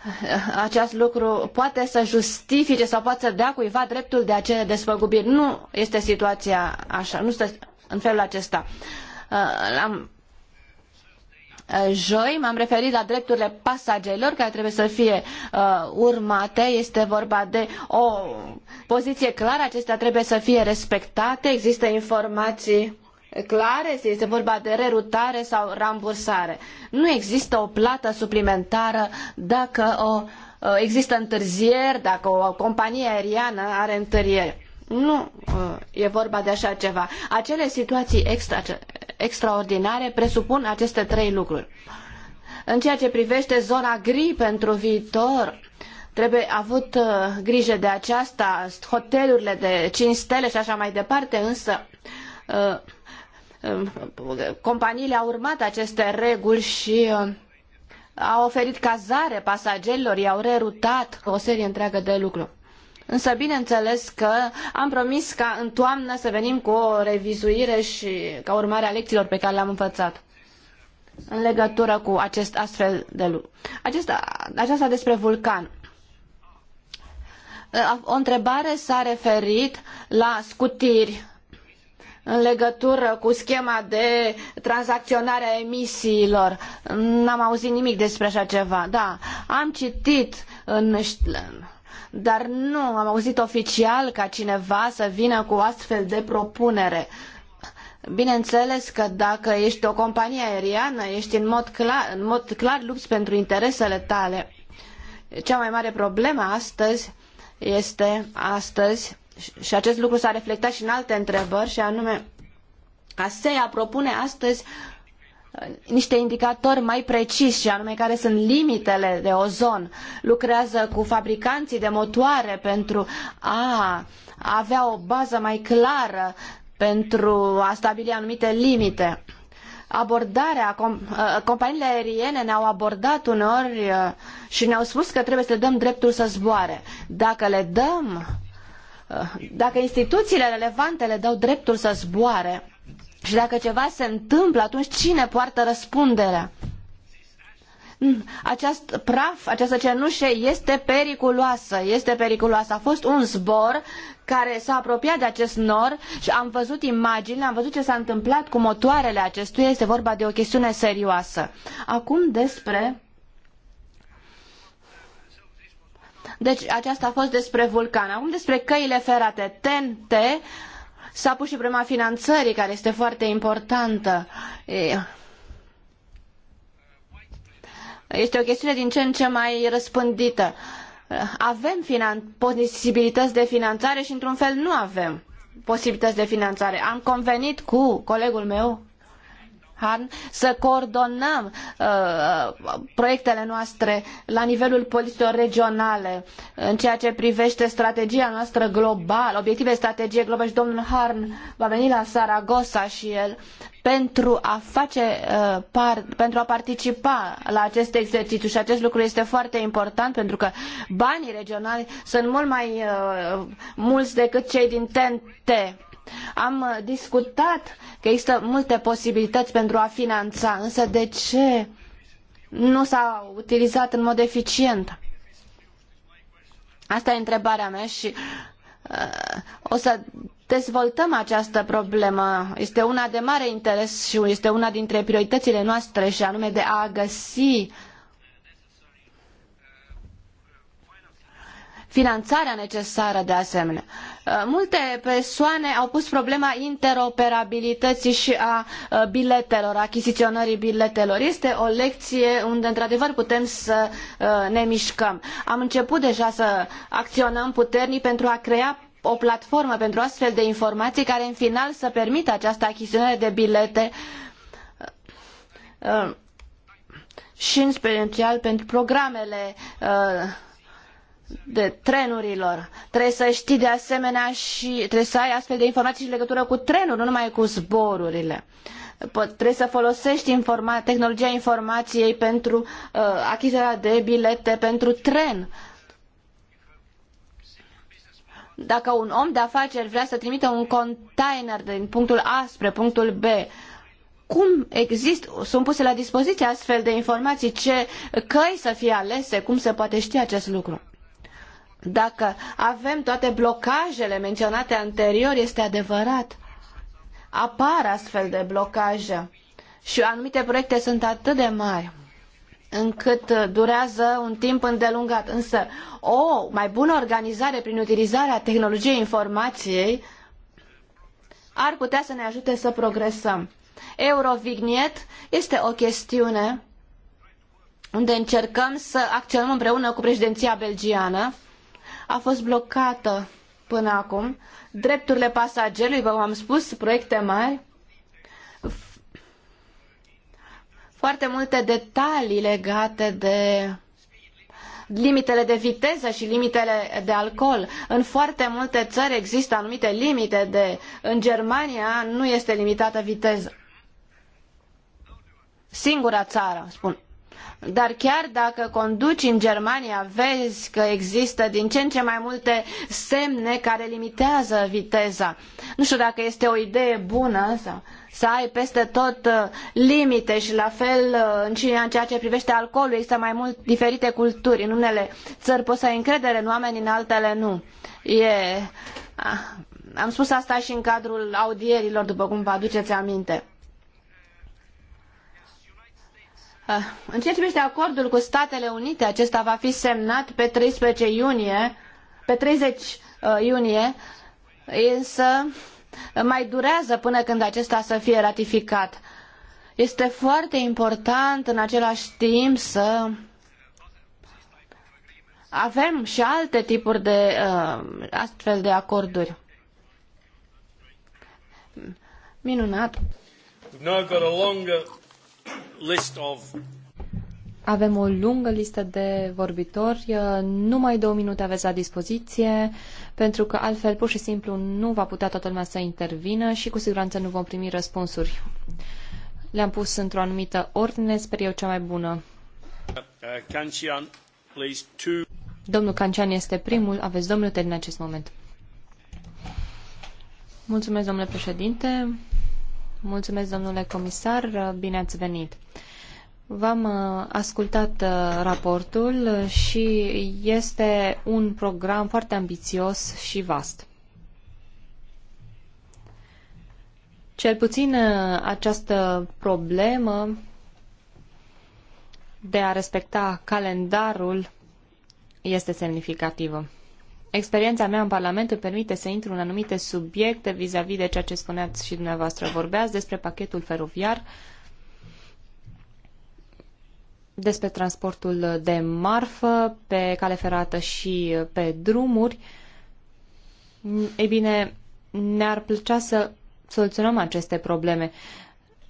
uh, acest lucru poate să justifice sau poate să dea cuiva dreptul de a cere despăgubiri. Nu este situația așa, nu este în felul acesta. Uh, am Eh, joi m-am referit la drepturile pasagerilor care trebuie să fie uh, urmate. Este vorba de o poziție clară, acestea trebuie să fie respectate, există informații clare, este vorba de rerutare sau rambursare. Nu există o plată suplimentară dacă o, eh, există întârzieri, dacă o, companie aeriană are întârzieri. Nu e vorba de așa ceva. Acele situații extra, extraordinare presupun aceste trei lucruri. În ceea ce privește zona gri pentru viitor, trebuie avut uh, grijă de aceasta, hotelurile de cinci stele și așa mai departe, însă uh, um, companiile au urmat aceste reguli și uh, au oferit cazare pasagerilor, i-au rerutat o serie întreagă de lucruri. Însă, bineînțeles că am promis ca în toamnă să venim cu o revizuire și ca urmare a lecțiilor pe care le-am învățat în legătură cu acest astfel de lucru. Acesta, aceasta despre vulcan. Uh, o întrebare s-a referit la scutiri în legătură cu schema de tranzacționare a emisiilor. N-am auzit nimic despre așa ceva. Da, am citit în dar nu am auzit oficial ca cineva să vină cu astfel de propunere. Bineînțeles că dacă ești o companie aeriană, ești în mod clar, în mod clar lupți pentru interesele tale. Cea mai mare problemă astăzi este astăzi și acest lucru s-a reflectat și în alte întrebări și anume ASEA propune astăzi Uh, niște indicatori mai preciși și anume care sunt limitele de ozon. Lucrează cu fabricanții de motoare pentru a avea o bază mai clară pentru a stabili anumite limite. Abordarea, uh, companiile aeriene ne-au abordat uneori uh, și ne-au spus că trebuie să le dăm dreptul să zboare. Dacă le dăm, dacă instituțiile relevante le dau dreptul să zboare, și dacă ceva se întâmplă, atunci cine poartă răspunderea? Mm, acest praf, această cenușă este periculoasă, este periculoasă. A fost un zbor care s-a apropiat de acest nor și am văzut imagini, am văzut ce s-a întâmplat cu motoarele acestuia, este vorba de o chestiune serioasă. Acum despre... Deci aceasta a fost despre vulcan. Acum despre căile ferate TNT. S-a pus și problema finanțării, care este foarte importantă. Este o chestiune din ce în ce mai răspândită. Avem finan- posibilități de finanțare și într-un fel nu avem posibilități de finanțare. Am convenit cu colegul meu Han să coordonăm uh, proiectele noastre la nivelul politicilor regionale în ceea ce privește strategia noastră globală, obiectivele strategiei globale și domnul Harn va veni la Saragossa și el pentru a face uh, par, pentru a participa la acest exercițiu și acest lucru este foarte important pentru că banii regionali sunt mult mai uh, mulți decât cei din TNT am uh, discutat că există multe posibilități pentru a finanța, însă de ce nu s-a utilizat în mod eficient? Asta e întrebarea mea și uh, o să dezvoltăm această problemă. Este una de mare interes și este una dintre prioritățile noastre și anume de a găsi finanțarea necesară de asemenea. Uh, multe persoane au pus problema interoperabilității și a uh, biletelor, achiziționării biletelor. Este o lecție unde într-adevăr putem să uh, ne mișcăm. Am început deja să acționăm puternic pentru a crea o platformă pentru astfel de informații care în final să permită această achiziționare de bilete și în special pentru programele uh, de trenurilor. Trebuie să știi de asemenea și trebuie să ai astfel de informații și în legătură cu trenul, nu numai cu zborurile. trebuie să folosești informa- tehnologia informației pentru uh, achiziția de bilete pentru tren. Dacă un om de afaceri vrea să trimită un container din punctul A spre punctul B, cum există, sunt puse la dispoziție astfel de informații, ce căi să fie alese, cum se poate ști acest lucru? Dacă avem toate blocajele menționate anterior, este adevărat. Apar astfel de blocaje și anumite proiecte sunt atât de mari încât durează un timp îndelungat. Însă o mai bună organizare prin utilizarea tehnologiei informației ar putea să ne ajute să progresăm. Eurovignet este o chestiune unde încercăm să acționăm împreună cu președinția belgiană a fost blocată până acum. Drepturile pasagerilor, cum am spus, proiecte mari, foarte multe detalii legate de limitele de viteză și limitele de alcool. În foarte multe țări există anumite limite de... În Germania nu este limitată viteza. Singura țară, spun. Dar chiar dacă conduci în Germania, vezi că există din ce în ce mai multe semne care limitează viteza. Nu știu dacă este o idee bună sau să ai peste tot uh, limite și la fel uh, în ceea ce privește alcoolul există mai mult diferite culturi. În unele țări poți să ai încredere în oameni, în altele nu. E... Ah, am spus asta și în cadrul audierilor, după cum vă aduceți aminte. Eh, în ceea ce privește acordul cu Statele Unite, acesta va fi semnat pe 13 iunie, pe 30 eh, iunie, însă mai durează până când acesta să fie ratificat. Este foarte important în același timp să avem și alte tipuri de uh, astfel de acorduri. Minunat avem o lungă listă de vorbitori, uh, numai două minute aveți la dispoziție, pentru că altfel pur și simplu nu va putea toată lumea să intervină și cu siguranță nu vom primi răspunsuri. Le-am pus într-o anumită ordine, sper eu cea mai bună. Uh, Cancian, please, two... Domnul Cancian este primul, aveți două minute în acest moment. Mulțumesc, domnule președinte. Mulțumesc, domnule comisar, bine ați venit. V-am uh, ascultat uh, raportul și este un program foarte ambițios și vast. Cel puțin uh, această problemă de a respecta calendarul este semnificativă. Experiența mea în Parlament îmi permite să intru în anumite subiecte vis-a-vis de ceea ce spuneați și dumneavoastră. Vorbeați despre pachetul feroviar, despre transportul de marfă pe cale ferată și pe drumuri. Ei bine, ne-ar plăcea să soluționăm aceste probleme.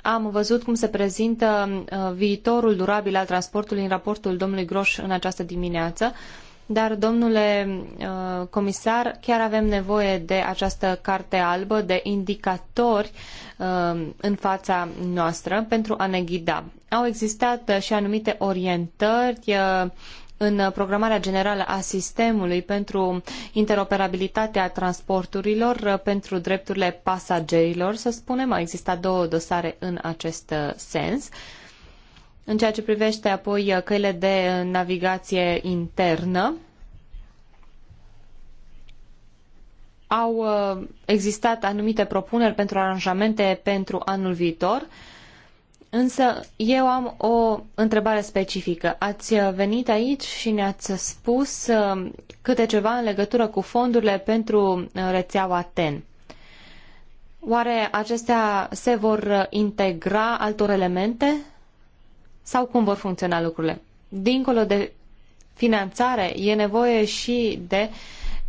Am văzut cum se prezintă uh, viitorul durabil al transportului în raportul domnului Groș în această dimineață. Dar, domnule uh, comisar, chiar avem nevoie de această carte albă, de indicatori uh, în fața noastră pentru a ne ghida. Au existat și anumite orientări uh, în programarea generală a sistemului pentru interoperabilitatea transporturilor, pentru drepturile pasagerilor, să spunem. Au existat două dosare în acest sens. În ceea ce privește apoi uh, căile de uh, navigație internă, au uh, existat anumite propuneri pentru aranjamente pentru anul viitor, însă eu am o întrebare specifică. Ați venit aici și ne-ați spus câte ceva în legătură cu fondurile pentru rețeaua TEN. Oare acestea se vor integra altor elemente sau cum vor funcționa lucrurile. Dincolo de finanțare, e nevoie și de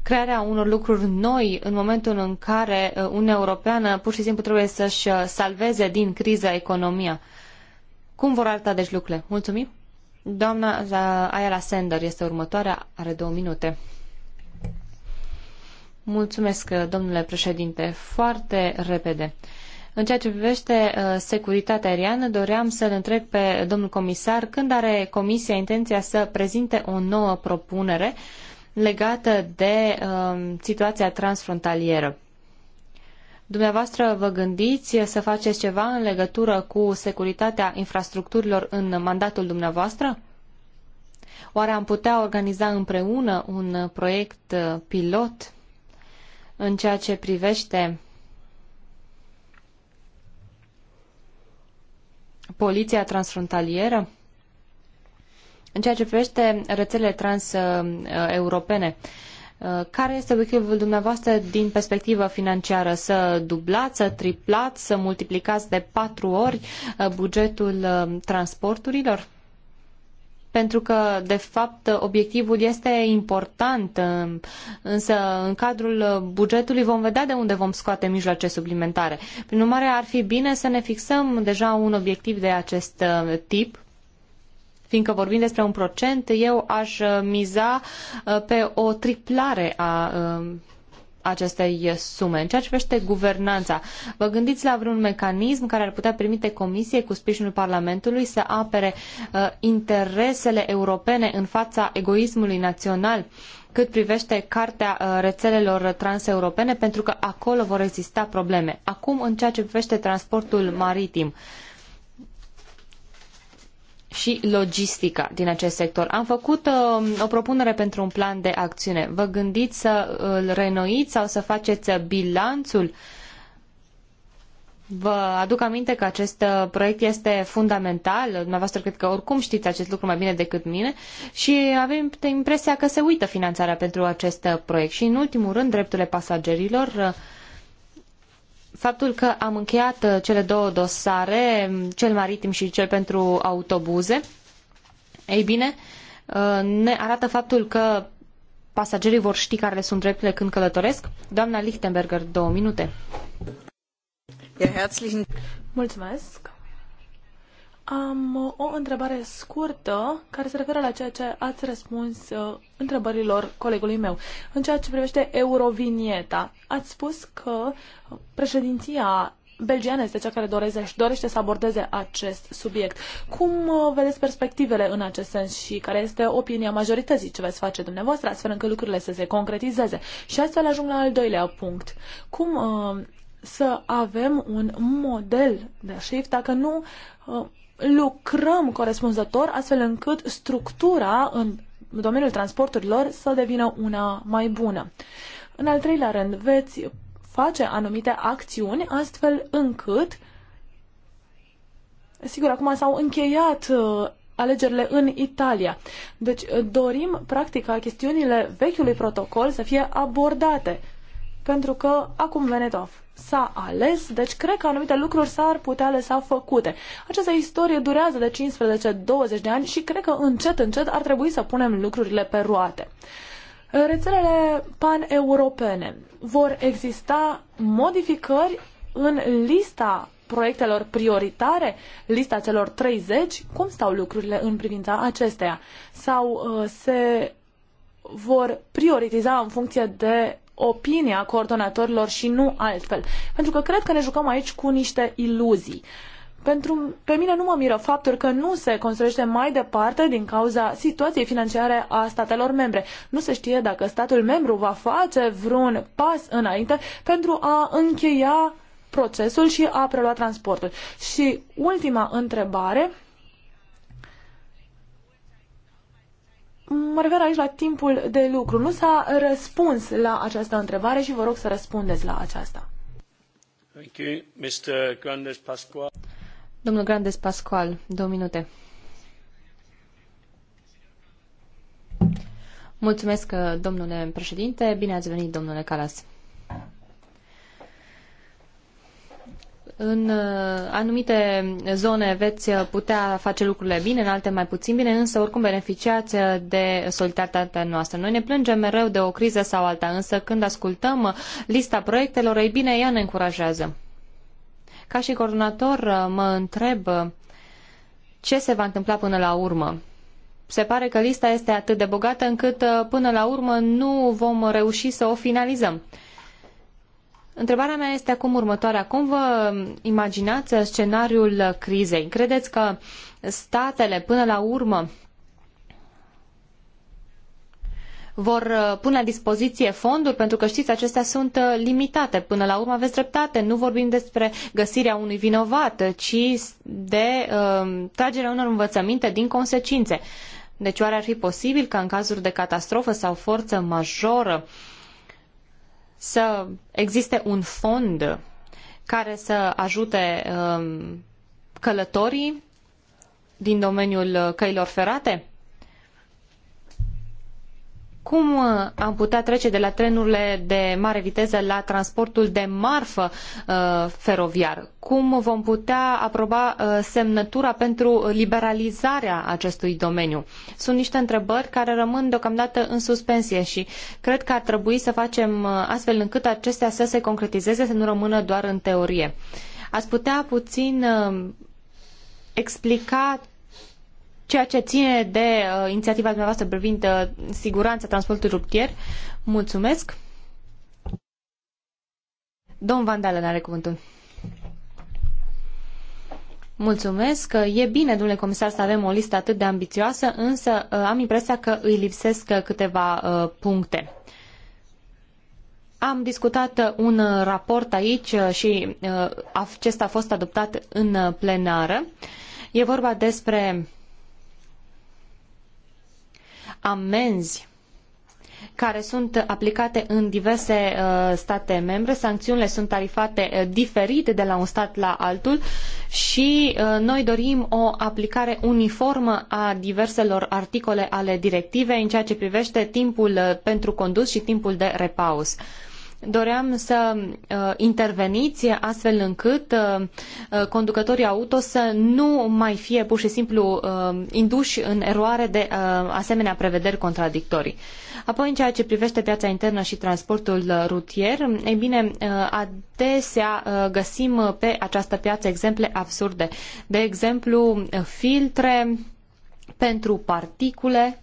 crearea unor lucruri noi în momentul în care uh, Uniunea Europeană pur și simplu trebuie să-și uh, salveze din criză economia. Cum vor arăta deci lucrurile? Mulțumim! Doamna uh, Ayala Sender este următoarea, are două minute. Mulțumesc, domnule președinte, foarte repede. În ceea ce privește uh, securitatea aeriană, doream să-l întreb pe domnul comisar când are Comisia intenția să prezinte o nouă propunere legată de um, situația transfrontalieră. Dumneavoastră vă gândiți să faceți ceva în legătură cu securitatea infrastructurilor în mandatul dumneavoastră? Oare am putea organiza împreună un proiect uh, pilot în ceea ce privește poliția transfrontalieră? În ceea ce privește rețelele transeuropene, uh, uh, uh, care este obiectivul dumneavoastră din perspectivă financiară? Să dublați, să triplați, să multiplicați de patru ori bugetul transporturilor? pentru că, de fapt, obiectivul este important, însă în cadrul bugetului vom vedea de unde vom scoate mijloace suplimentare. Prin urmare, ar fi bine să ne fixăm deja un obiectiv de acest uh, tip, fiindcă vorbim despre un procent, eu aș uh, miza uh, pe o triplare a acestei sume. În ceea ce privește guvernanța, vă gândiți la vreun mecanism care ar putea permite Comisiei cu sprijinul Parlamentului să apere uh, interesele europene în fața egoismului național? cât privește cartea uh, rețelelor transeuropene, pentru că acolo vor exista probleme. Acum, în ceea ce privește transportul maritim, uh, și logistica din acest sector. Am făcut uh, o propunere pentru un plan de acțiune. Vă gândiți să îl renoiți sau să faceți bilanțul? Vă aduc aminte că acest uh, proiect este fundamental, dumneavoastră cred că oricum știți acest lucru mai bine decât mine și avem impresia că se uită finanțarea pentru acest uh, proiect și în ultimul rând drepturile pasagerilor uh, faptul că am încheiat uh, cele două dosare, um, cel maritim și cel pentru autobuze, ei bine, uh, ne arată faptul că pasagerii vor ști care le sunt drepturile când călătoresc. Doamna Lichtenberger, două minute. Mulțumesc. Am uh, o întrebare scurtă care se referă la ceea ce ați răspuns uh, întrebărilor colegului meu. În ceea ce privește Eurovinieta, ați spus că președinția belgiană este cea care doreze și dorește să abordeze acest subiect. Cum uh, vedeți perspectivele în acest sens și care este opinia majorității ce veți face dumneavoastră astfel încât lucrurile să se concretizeze? Și astfel ajung la al doilea punct. Cum uh, să avem un model de shift dacă nu uh, lucrăm corespunzător astfel încât structura în domeniul transporturilor să devină una mai bună. În al treilea rând, veți face anumite acțiuni astfel încât Sigur, acum s-au încheiat uh, alegerile în Italia. Deci uh, dorim, practic, ca chestiunile vechiului protocol să fie abordate pentru că acum Venetov s-a ales, deci cred că anumite lucruri s-ar putea lăsa făcute. Această istorie durează de 15-20 de ani și cred că încet, încet ar trebui să punem lucrurile pe roate. Rețelele pan-europene vor exista modificări în lista proiectelor prioritare, lista celor 30, cum stau lucrurile în privința acesteia? Sau uh, se vor prioritiza în funcție de opinia coordonatorilor și nu altfel. Pentru că cred că ne jucăm aici cu niște iluzii. Pentru, pe mine nu mă miră faptul că nu se construiește mai departe din cauza situației financiare a statelor membre. Nu se știe dacă statul membru va face vreun pas înainte pentru a încheia procesul și a prelua transportul. Și ultima întrebare Mă refer aici la timpul de lucru. Nu s-a răspuns la această întrebare și vă rog să răspundeți la aceasta. Thank you. Mr. Grandes Pascual. Domnul Grandes Pascual, două minute. Mulțumesc, domnule președinte. Bine ați venit, domnule Calas. În uh, anumite zone veți putea face lucrurile bine, în alte mai puțin bine, însă oricum beneficiați uh, de solidaritatea noastră. Noi ne plângem mereu de o criză sau alta, însă când ascultăm uh, lista proiectelor, ei bine, ea ne încurajează. Ca și coordonator mă întreb ce se va întâmpla până la urmă. Se pare că lista este atât de bogată încât până la urmă nu vom reuși să o finalizăm. Întrebarea mea este acum următoarea. Cum vă imaginați scenariul crizei? Credeți că statele, până la urmă, vor uh, pune la dispoziție fonduri, pentru că știți, acestea sunt uh, limitate. Până la urmă aveți dreptate, nu vorbim despre găsirea unui vinovat, ci de uh, tragerea unor învățăminte din consecințe. Deci oare ar fi posibil ca în cazuri de catastrofă sau forță majoră uh, să existe un fond care să ajute um, călătorii din domeniul căilor ferate? Cum uh, am putea trece de la trenurile de mare viteză la transportul de marfă uh, feroviar? Cum vom putea aproba uh, semnătura pentru liberalizarea acestui domeniu? Sunt niște întrebări care rămân deocamdată în suspensie și cred că ar trebui să facem astfel încât acestea să se concretizeze, să nu rămână doar în teorie. Ați putea puțin explica ceea ce ține de uh, inițiativa dumneavoastră privind uh, siguranța transportului rutier. Mulțumesc. Domn Vandalen are cuvântul. Mulțumesc. E bine, domnule comisar, să avem o listă atât de ambițioasă, însă uh, am impresia că îi lipsesc uh, câteva uh, puncte. Am discutat uh, un raport aici uh, și acesta a fost adoptat în plenară. E vorba despre amenzi care sunt aplicate în diverse uh, state membre. Sancțiunile sunt tarifate uh, diferite de la un stat la altul și uh, noi dorim o aplicare uniformă a diverselor articole ale directivei în ceea ce privește timpul pentru condus și timpul de repaus. Uh, doream să uh, interveniți astfel încât uh, uh, conducătorii auto să nu mai fie pur și simplu uh, induși în eroare de uh, asemenea prevederi contradictorii. Apoi, în ceea ce privește piața internă și transportul uh, rutier, ei bine, uh, adesea uh, găsim pe această piață exemple absurde. De exemplu, uh, filtre pentru particule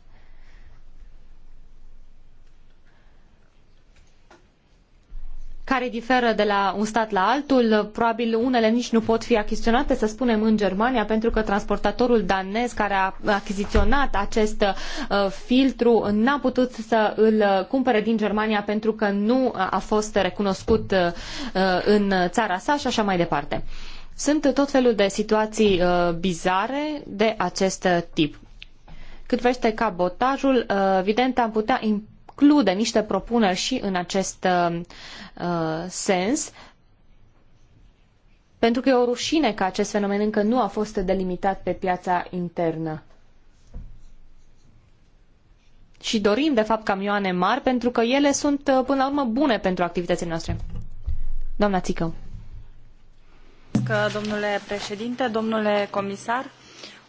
care diferă de la un stat la altul. Probabil unele nici nu pot fi achiziționate, să spunem, în Germania, pentru că transportatorul danez care a achiziționat acest uh, filtru n-a putut să îl cumpere din Germania pentru că nu a fost recunoscut uh, uh, în țara sa și așa mai departe. Sunt tot felul de situații bizare de acest tip. Cât vește cabotajul, evident am putea imp include niște propuneri și în acest uh, uh, sens, pentru că e o rușine că acest fenomen încă nu a fost delimitat pe piața internă. Și dorim, de fapt, camioane mari, pentru că ele sunt, uh, până la urmă, bune pentru activitățile noastre. Doamna Țică. domnule președinte, domnule comisar,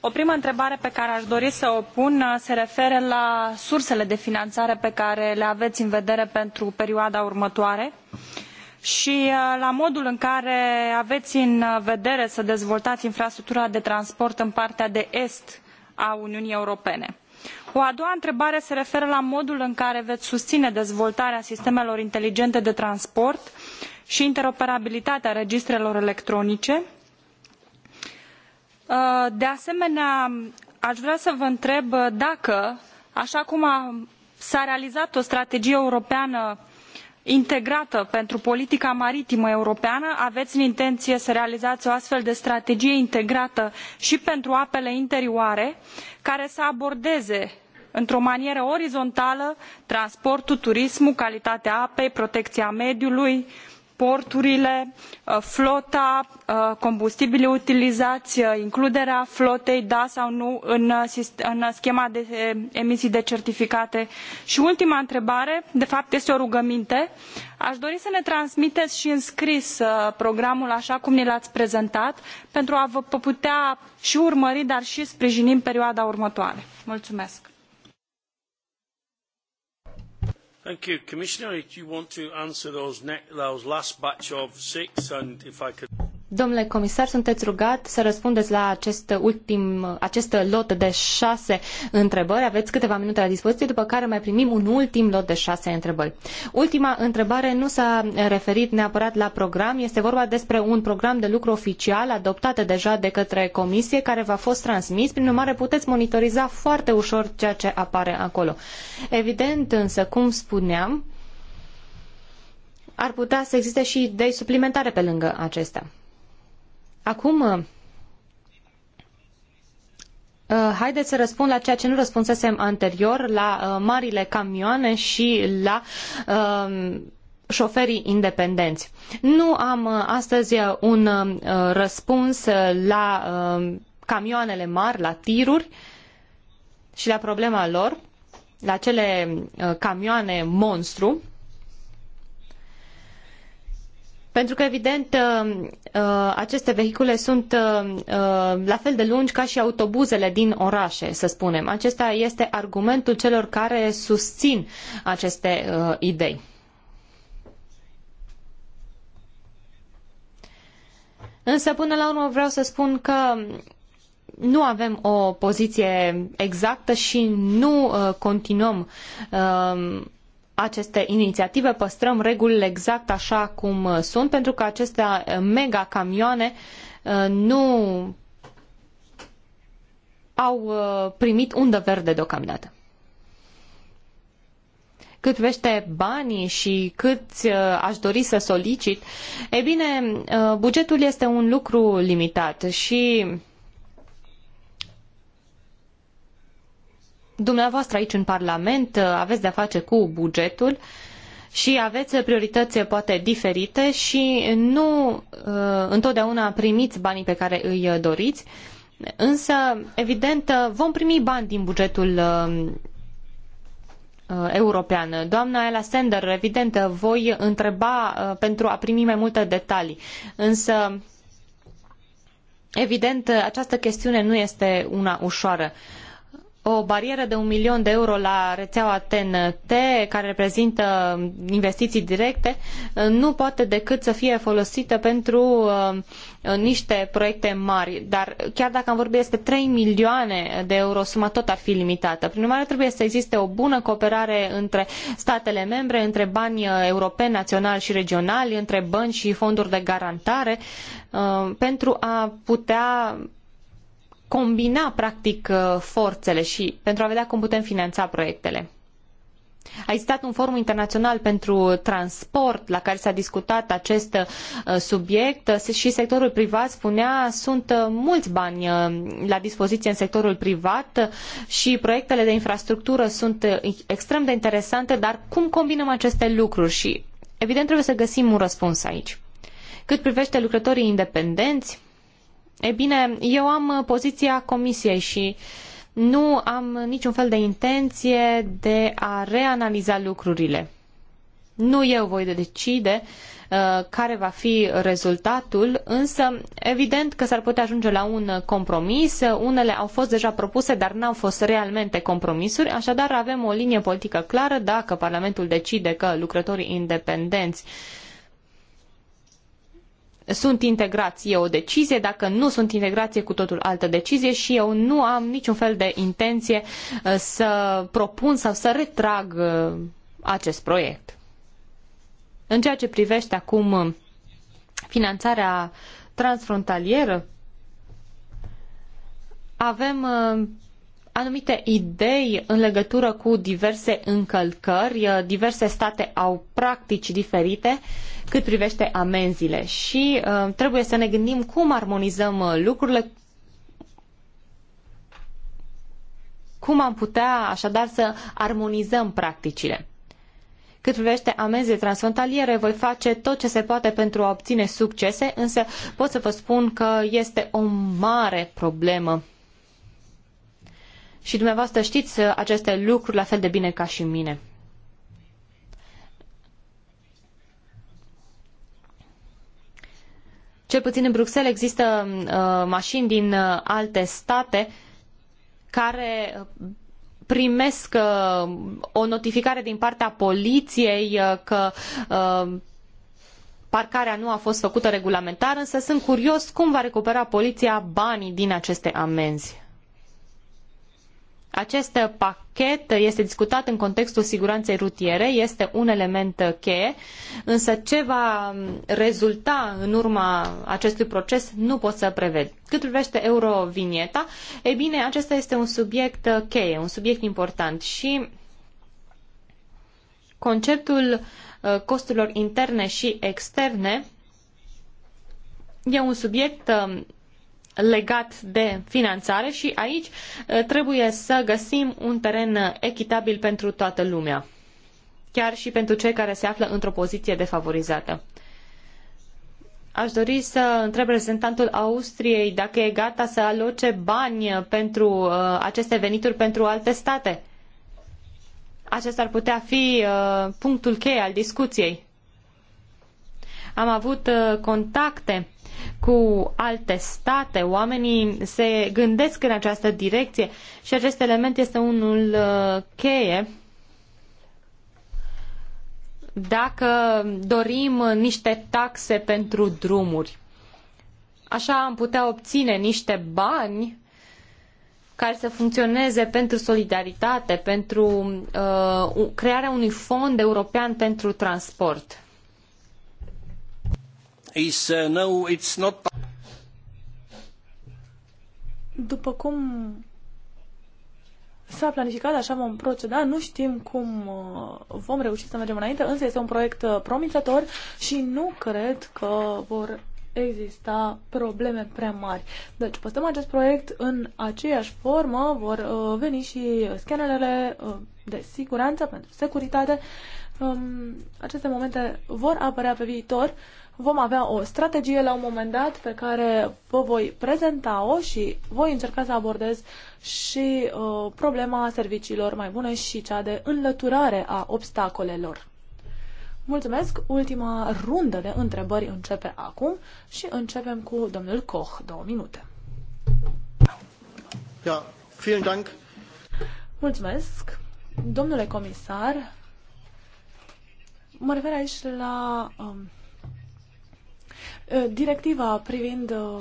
o primă întrebare pe care aș dori să o pun uh, se referă la sursele de finanțare pe care le aveți în vedere pentru perioada următoare și uh, la modul în care aveți în vedere să dezvoltați infrastructura de transport în partea de est a Uniunii Europene. O a doua întrebare se referă la modul în care veți susține dezvoltarea sistemelor inteligente de transport și interoperabilitatea registrelor electronice Uh, de asemenea, aș vrea să vă întreb uh, dacă, așa cum a, s-a realizat o strategie europeană integrată pentru politica maritimă europeană, aveți în intenție să realizați o astfel de strategie integrată și pentru apele interioare, care să abordeze într o manieră orizontală transportul turismul calitatea apei protecia mediului etc porturile uh, flota uh, combustibilii utilizai uh, includerea flotei da sau nu în, schema de emisii de certificate și ultima întrebare de fapt este o rugăminte aș dori să ne transmiteți și în scris programul așa cum ni l ați prezentat pentru a vă putea și urmări dar și sprijini în perioada următoare. mulțumesc. Thank you. Commissioner, do you want to answer those, those last batch of six and if I could... Domnule comisar, sunteți rugat să răspundeți la acest ultim, acest lot de șase întrebări. Aveți câteva minute la dispoziție, după care mai primim un ultim lot de șase întrebări. Ultima întrebare nu s-a referit neapărat la program, este vorba despre un program de lucru oficial adoptat deja de către comisie, care v-a fost transmis. Prin urmare, puteți monitoriza foarte ușor ceea ce apare acolo. Evident, însă, cum spuneam, ar putea să existe și idei suplimentare pe lângă acestea. Acum, uh, uh, haideți să răspund la ceea ce nu răspunsesem anterior, la uh, marile camioane și la șoferii independenți. Nu am astăzi un răspuns la camioanele mari, la tiruri și la problema lor, la cele camioane monstru, pentru că, evident, uh, uh, aceste vehicule sunt uh, la fel de lungi ca și autobuzele din orașe, să spunem. Acesta este argumentul celor care susțin aceste idei. Însă, până la urmă, vreau să spun că nu avem o poziție exactă și nu continuăm aceste inițiative, păstrăm regulile exact așa cum uh, sunt, pentru că aceste uh, mega camioane uh, nu au primit undă verde deocamdată. Cât privește banii și cât aș dori să solicit, e bine, bugetul este un lucru limitat și dumneavoastră aici în Parlament uh, aveți de-a face cu bugetul și aveți priorități uh, poate diferite și nu uh, întotdeauna primiți banii pe care îi doriți, însă, evident, vom primi bani din bugetul european. Doamna Ela Sender, evident, voi întreba pentru a primi mai multe detalii, însă, evident, această chestiune nu este una ușoară o barieră de un milion de euro la rețeaua TNT, care reprezintă investiții directe, uh, nu poate decât să fie folosită pentru uh, uh, niște proiecte mari. Dar chiar dacă am vorbit despre 3 milioane de euro, suma tot ar fi limitată. Prin urmare, trebuie să existe o bună cooperare între statele membre, între bani europeni, naționali și regionali, între bănci și fonduri de garantare, pentru a putea combina practic uh, forțele și pentru a vedea cum putem finanța proiectele. A existat un forum internațional pentru transport la care s-a discutat acest uh, subiect uh, și sectorul privat spunea sunt mulți bani la dispoziție în sectorul privat și proiectele de infrastructură sunt extrem de interesante, dar cum combinăm aceste lucruri și evident trebuie să găsim un răspuns aici. Cât privește lucrătorii independenți, E bine, eu am uh, poziția comisiei și nu am niciun fel de intenție de a reanaliza lucrurile. Nu eu voi decide uh, care va fi rezultatul, însă evident că s-ar putea ajunge la un compromis. Unele au fost deja propuse, dar n-au fost realmente compromisuri, așadar avem o linie politică clară dacă Parlamentul decide că lucrătorii independenți uh, sunt integrați e o decizie, dacă nu sunt integrați e cu totul altă decizie și eu nu am niciun fel de intenție uh, să propun sau să retrag uh, acest proiect. În ceea ce privește acum uh, finanțarea transfrontalieră, avem anumite idei în legătură cu diverse încălcări. Uh, diverse state au practici diferite cât privește amenziile și uh, trebuie să ne gândim cum armonizăm uh, lucrurile, cum am putea așadar să armonizăm practicile. Cât privește amenzile transfrontaliere, voi face tot ce se poate pentru a obține succese, însă pot să vă spun că este o mare problemă și dumneavoastră știți uh, aceste lucruri la fel de bine ca și mine. Cel puțin în Bruxelles există uh, mașini din uh, alte state care uh, primesc uh, o notificare din partea poliției uh, că uh, parcarea nu a fost făcută regulamentar, însă sunt curios cum va recupera poliția banii din aceste amenzi. Acest pachet este discutat în contextul siguranței rutiere, este un element cheie, însă ce va rezulta în urma acestui proces nu pot să preved. Cât privește eurovinieta, e bine, acesta este un subiect cheie, un subiect important și conceptul uh, costurilor interne și externe e un subiect uh, legat de finanțare și aici uh, trebuie să găsim un teren echitabil pentru toată lumea, chiar și pentru cei care se află într-o poziție defavorizată. Aș dori să întreb reprezentantul Austriei dacă e gata să aloce bani pentru uh, aceste venituri pentru alte state. Acesta ar putea fi uh, punctul cheie al discuției. Am avut contacte cu alte state, oamenii se gândesc în această direcție și acest element este unul uh, cheie dacă dorim niște taxe pentru drumuri. Așa am putea obține niște bani care să funcționeze pentru solidaritate, pentru uh, crearea unui fond european pentru transport. Uh, După cum s-a planificat, așa vom proceda. Nu știm cum uh, vom reuși să mergem înainte, însă este un proiect uh, promițător și nu cred că vor exista probleme prea mari. Deci, păstăm acest proiect în aceeași formă, vor uh, veni și scanerele uh, de siguranță pentru securitate. Um, aceste momente vor apărea pe viitor vom avea o strategie la un moment dat pe care vă voi prezenta-o și voi încerca să abordez și uh, problema serviciilor mai bune și cea de înlăturare a obstacolelor. Mulțumesc! Ultima rundă de întrebări începe acum și începem cu domnul Koch, două minute. Ja, vielen Dank. Mulțumesc! Domnule comisar, mă refer aici la um, Uh, directiva privind uh,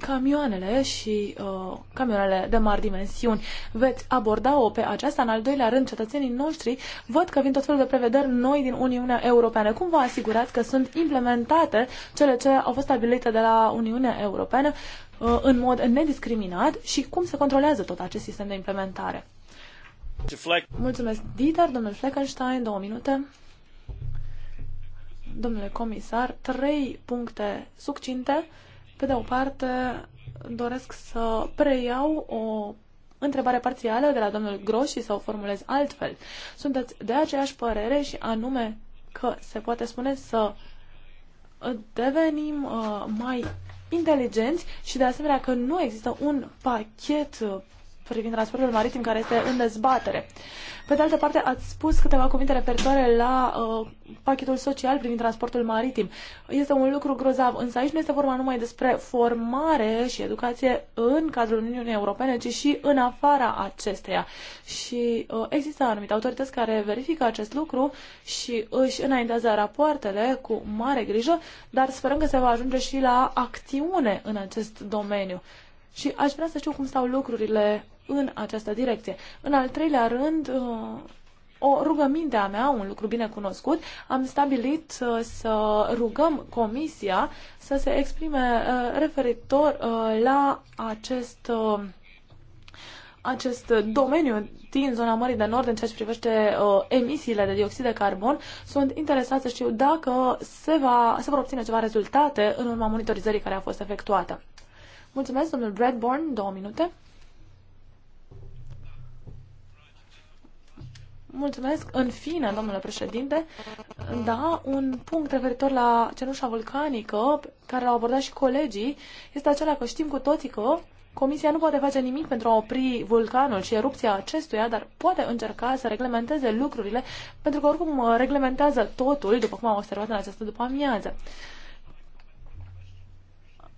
camioanele și uh, camioanele de mari dimensiuni. Veți aborda-o pe aceasta. În al doilea rând, cetățenii noștri văd că vin tot felul de prevederi noi din Uniunea Europeană. Cum vă asigurați că sunt implementate cele ce au fost stabilite de la Uniunea Europeană în mod nediscriminat și cum se controlează tot acest sistem de implementare? Mulțumesc, Dieter, domnul Fleckenstein, două minute domnule comisar, trei puncte succinte. Pe de o parte, doresc să preiau o întrebare parțială de la domnul Gros și să o formulez altfel. Sunteți de aceeași părere și anume că se poate spune să devenim uh, mai inteligenți și de asemenea că nu există un pachet privind transportul maritim care este în dezbatere. Pe de altă parte, ați spus câteva cuvinte referitoare la uh, pachetul social privind transportul maritim. Este un lucru grozav, însă aici nu este vorba numai despre formare și educație în cadrul Uniunii Europene, ci și în afara acesteia. Și uh, există anumite autorități care verifică acest lucru și își înaintează rapoartele cu mare grijă, dar sperăm că se va ajunge și la acțiune în acest domeniu. Și aș vrea să știu cum stau lucrurile în această direcție. În al treilea rând, uh, o rugăminte a mea, un lucru bine cunoscut, am stabilit să rugăm comisia să se exprime uh, referitor uh, la acest acest domeniu din zona Mării de Nord în ceea ce privește uh, emisiile de dioxid de carbon. Sunt interesat să știu dacă se, va, se vor obține ceva rezultate în urma monitorizării care a fost efectuată. Mulțumesc, domnul Bradborn, două minute. Mulțumesc. În fine, domnule președinte, da, un punct referitor la cenușa vulcanică, care l-au abordat și colegii, este acela că știm cu toții că Comisia nu poate face nimic pentru a opri vulcanul și erupția acestuia, dar poate încerca să reglementeze lucrurile, pentru că oricum uh, reglementează totul, după cum am observat în această după amiază.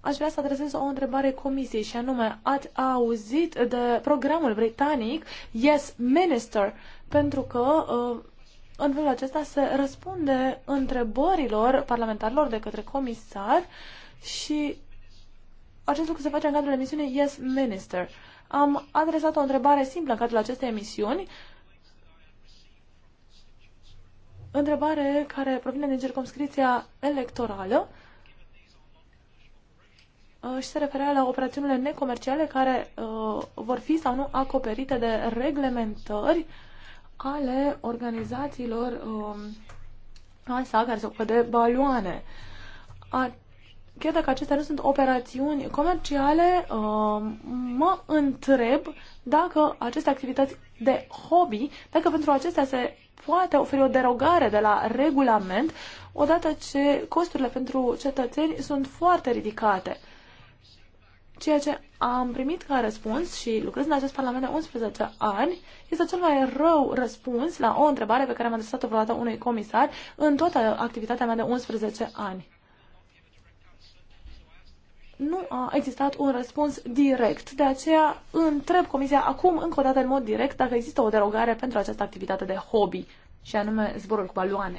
Aș vrea să adresez o întrebare comisiei și anume, ați auzit de programul britanic Yes Minister, pentru că ă, în felul acesta se răspunde întrebărilor parlamentarilor de către comisar și acest lucru se face în cadrul emisiunii Yes Minister. Am adresat o întrebare simplă în cadrul acestei emisiuni, întrebare care provine din circumscripția electorală ă, și se referea la operațiunile necomerciale care ă, vor fi sau nu acoperite de reglementări uh, ale organizațiilor um, ASA care se ocupă de baloane. A, chiar dacă acestea nu sunt operațiuni comerciale, um, mă întreb dacă aceste activități de hobby, dacă pentru acestea se poate oferi o derogare de la regulament, odată ce costurile pentru cetățeni sunt foarte ridicate. Ceea ce am primit ca răspuns și lucrez în acest parlament de 11 ani este cel mai rău răspuns la o întrebare pe care am adresat-o vreodată unui comisar în toată activitatea mea de 11 ani. Nu a existat un răspuns direct, de aceea întreb Comisia acum încă o dată în mod direct dacă există o derogare pentru această activitate de hobby, și anume zborul cu baloane.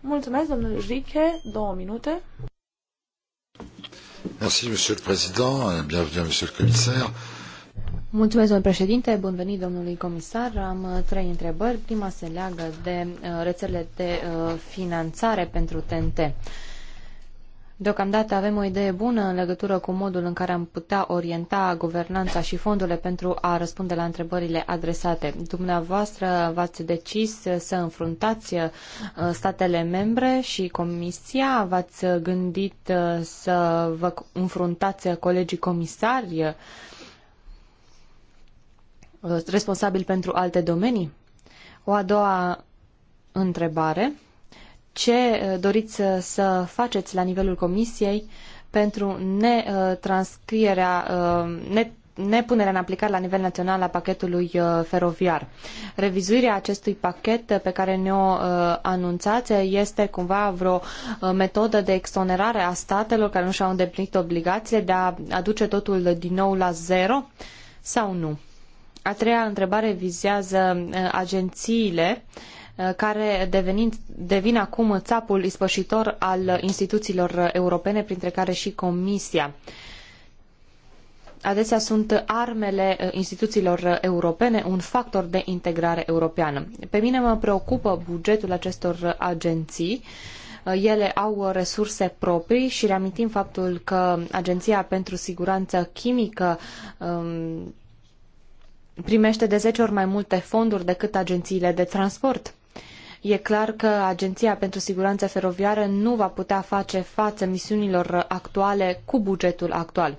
Mulțumesc, domnul Riche, două minute. Monsieur le Président. Bienvenue, Monsieur le Commissaire. Mulțumesc, domnule președinte. Bun venit, domnului comisar. Am uh, trei întrebări. Prima se leagă de uh, rețelele de uh, finanțare pentru TNT. Deocamdată avem o idee bună în legătură cu modul în care am putea orienta guvernanța și fondurile pentru a răspunde la întrebările adresate. Dumneavoastră v-ați decis să înfruntați uh, statele membre și Comisia, v-ați gândit uh, să vă înfruntați colegii comisari uh, responsabili pentru alte domenii? O a doua întrebare ce uh, doriți să faceți la nivelul comisiei pentru netranscrierea, uh, net uh, nepunerea în aplicare la nivel național a pachetului feroviar. Revizuirea acestui pachet pe care ne-o anunțați este cumva vreo metodă de exonerare a statelor care nu și-au îndeplinit obligațiile de a aduce totul din nou la zero sau nu? A treia întrebare vizează agențiile uh, Uh, care devenind, devin acum țapul ispășitor al instituțiilor europene, printre care și Comisia. Adesea sunt armele uh, instituțiilor europene un factor de integrare europeană. Pe mine mă preocupă bugetul acestor agenții uh, ele au resurse proprii și reamintim faptul că Agenția pentru Siguranță Chimică um, primește de zece ori mai multe fonduri decât agențiile de transport. E clar că Agenția pentru Siguranță Feroviară nu va putea face față misiunilor actuale cu bugetul actual.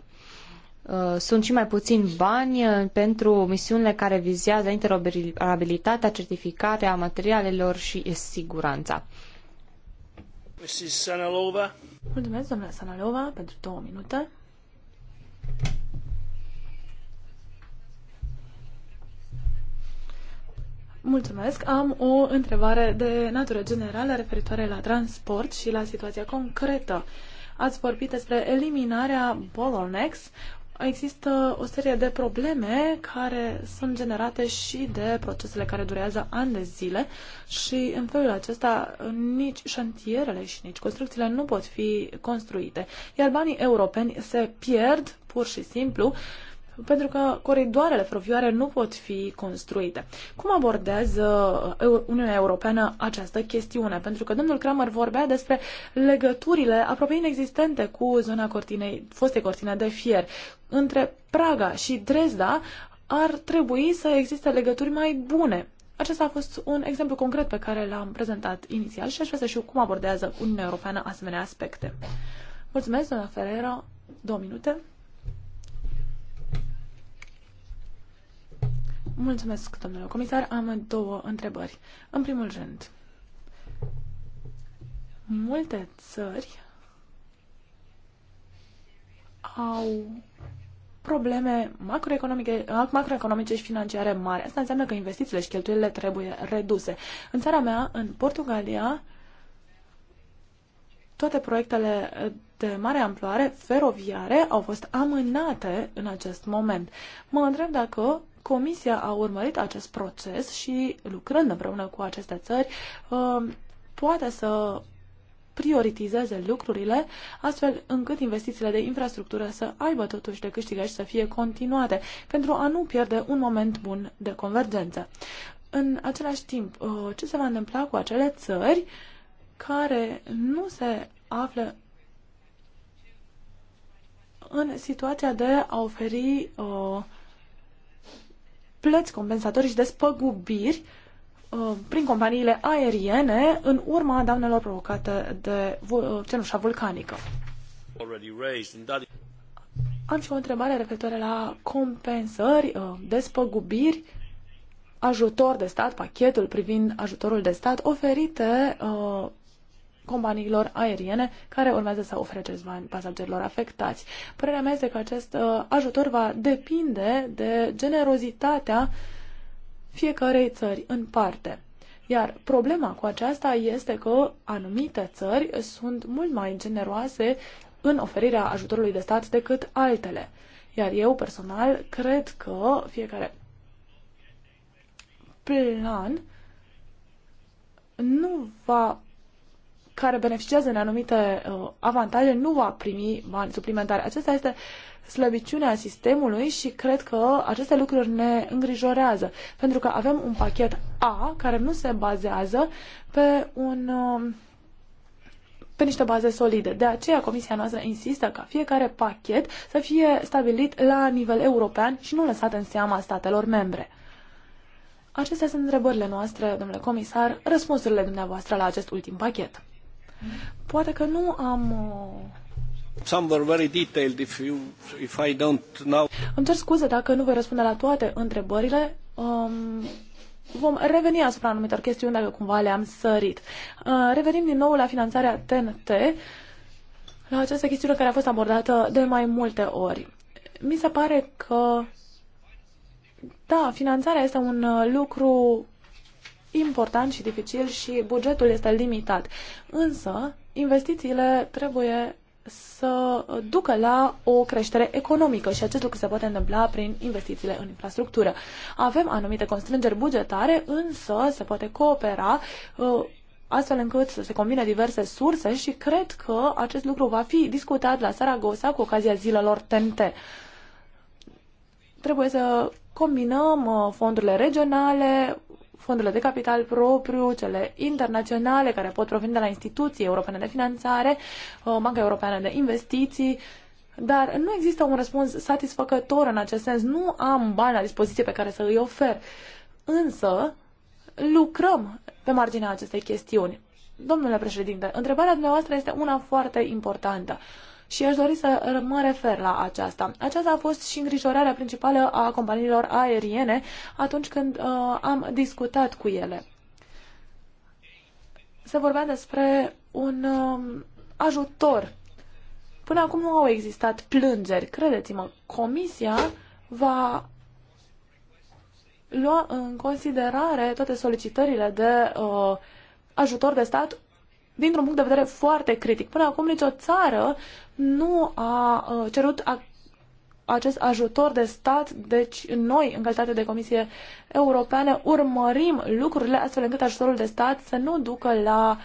Uh, sunt și mai puțini bani uh, pentru misiunile care vizează interoperabilitatea, certificarea materialelor și siguranța. Mrs. Sanalova. Mulțumesc, doamna Sanalova, pentru două minute. Mulțumesc. Am o întrebare de natură generală referitoare la transport și la situația concretă. Ați vorbit despre eliminarea bottlenecks. Există o serie de probleme care sunt generate și de procesele care durează ani de zile și în felul acesta nici șantierele și nici construcțiile nu pot fi construite, iar banii europeni se pierd pur și simplu pentru că coridoarele feroviare nu pot fi construite. Cum abordează uh, Uniunea Europeană această chestiune? Pentru că domnul Kramer vorbea despre legăturile aproape inexistente cu zona cortinei, foste cortine de fier. Între Praga și Dresda ar trebui să existe legături mai bune. Acesta a fost un exemplu concret pe care l-am prezentat inițial și aș vrea să știu cum abordează Uniunea Europeană asemenea aspecte. Mulțumesc, doamna Ferrero. Două minute. Mulțumesc, domnule comisar. Am două întrebări. În primul rând, multe țări au probleme macroeconomice, macroeconomice și financiare mari. Asta înseamnă că investițiile și cheltuielile trebuie reduse. În țara mea, în Portugalia, toate proiectele de mare amploare feroviare au fost amânate în acest moment. Mă întreb dacă Comisia a urmărit acest proces și, lucrând împreună cu aceste țări, um, poate să prioritizeze lucrurile, astfel încât investițiile de infrastructură să aibă totuși de câștigat și să fie continuate, pentru a nu pierde un moment bun de convergență. În același timp, uh, ce se va întâmpla cu acele țări care nu se află în situația de a oferi uh, plăți compensatorii și despăgubiri uh, prin companiile aeriene în urma daunelor provocate de uh, cenușa vulcanică. Am și o întrebare referitoare la compensări, uh, despăgubiri, ajutor de stat, pachetul privind ajutorul de stat oferite companiilor aeriene care urmează să ofere acest bani pasagerilor afectați. Părerea mea este că acest uh, ajutor va depinde de generozitatea fiecarei țări în parte. Iar problema cu aceasta este că anumite țări sunt mult mai generoase în oferirea ajutorului de stat decât altele. Iar eu personal cred că fiecare plan nu va care beneficiază de anumite uh, avantaje nu va primi bani suplimentari. Acesta este slăbiciunea sistemului și cred că aceste lucruri ne îngrijorează, pentru că avem un pachet A care nu se bazează pe un uh, pe niște baze solide. De aceea comisia noastră insistă ca fiecare pachet să fie stabilit la nivel european și nu lăsat în seama statelor membre. Acestea sunt întrebările noastre, domnule comisar, răspunsurile dumneavoastră la acest ultim pachet. Poate că nu am uh, Some were very detailed if you if I don't now. Îmi cer scuze dacă nu voi răspunde la toate întrebările. Um, vom reveni asupra anumitor chestiuni dacă cumva le-am sărit. Uh, revenim din nou la finanțarea TNT, la această chestiune care a fost abordată de mai multe ori. Mi se pare că da, finanțarea este un uh, lucru important și dificil și bugetul este limitat. Însă, investițiile trebuie să ducă la o creștere economică și acest lucru se poate întâmpla prin investițiile în infrastructură. Avem anumite constrângeri bugetare, însă se poate coopera uh, astfel încât să se combine diverse surse și cred că acest lucru va fi discutat la Saragosa cu ocazia zilelor TNT. Trebuie să combinăm uh, fondurile regionale, fondurile de capital propriu, cele internaționale care pot proveni de la instituții europene de finanțare, uh, Banca Europeană de Investiții, dar nu există un răspuns satisfăcător în acest sens. Nu am bani la dispoziție pe care să îi ofer. Însă, lucrăm pe marginea acestei chestiuni. Domnule președinte, întrebarea dumneavoastră este una foarte importantă și aș dori să mă refer la aceasta. Aceasta a fost și îngrijorarea principală a companiilor aeriene atunci când uh, am discutat cu ele. Se vorbea despre un uh, ajutor. Până acum nu au existat plângeri. Credeți-mă, comisia va lua în considerare toate solicitările de uh, ajutor de stat dintr-un punct de vedere foarte critic. Până acum nicio țară nu a uh, cerut a, acest ajutor de stat, deci noi, în calitate de Comisie Europeană, urmărim lucrurile astfel încât ajutorul de stat să nu ducă la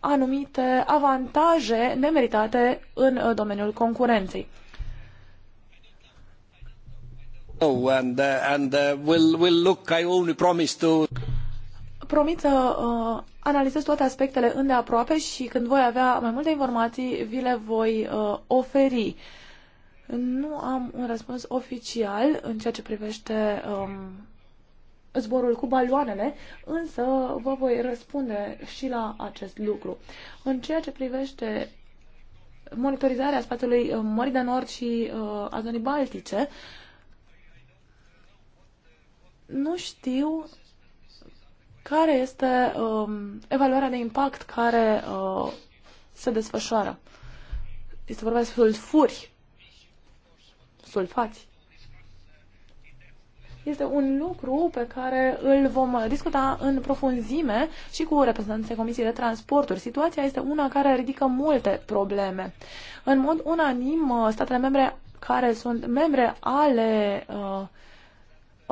anumite avantaje nemeritate în uh, domeniul concurenței. Oh, and, uh, and uh, we'll, we'll look, I only promise to promit să uh, analizez toate aspectele îndeaproape și când voi avea mai multe informații, vi le voi uh, oferi. Nu am un răspuns oficial în ceea ce privește um, zborul cu baloanele, însă vă voi răspunde și la acest lucru. În ceea ce privește monitorizarea spațiului uh, Mării de Nord și uh, a zonei Baltice, nu știu care este um, evaluarea de impact care uh, se desfășoară. Este vorba despre sulfuri, sulfați. Este un lucru pe care îl vom discuta în profunzime și cu reprezentanții Comisiei de Transporturi. Situația este una care ridică multe probleme. În mod unanim, uh, statele membre care sunt membre ale uh,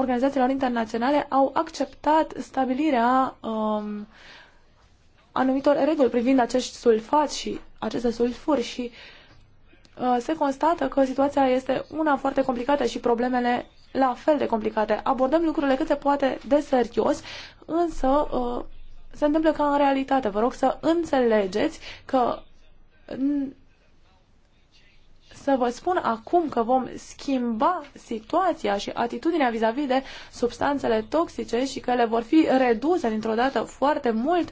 organizațiilor internaționale au acceptat stabilirea um, anumitor reguli privind acești sulfați și aceste sulfuri și uh, se constată că situația este una foarte complicată și problemele la fel de complicate. Abordăm lucrurile cât se poate de serios, însă uh, se întâmplă ca în realitate. Vă rog să înțelegeți că să vă spun acum că vom schimba situația și atitudinea vis-a-vis -vis de substanțele toxice și că le vor fi reduse dintr-o dată foarte mult,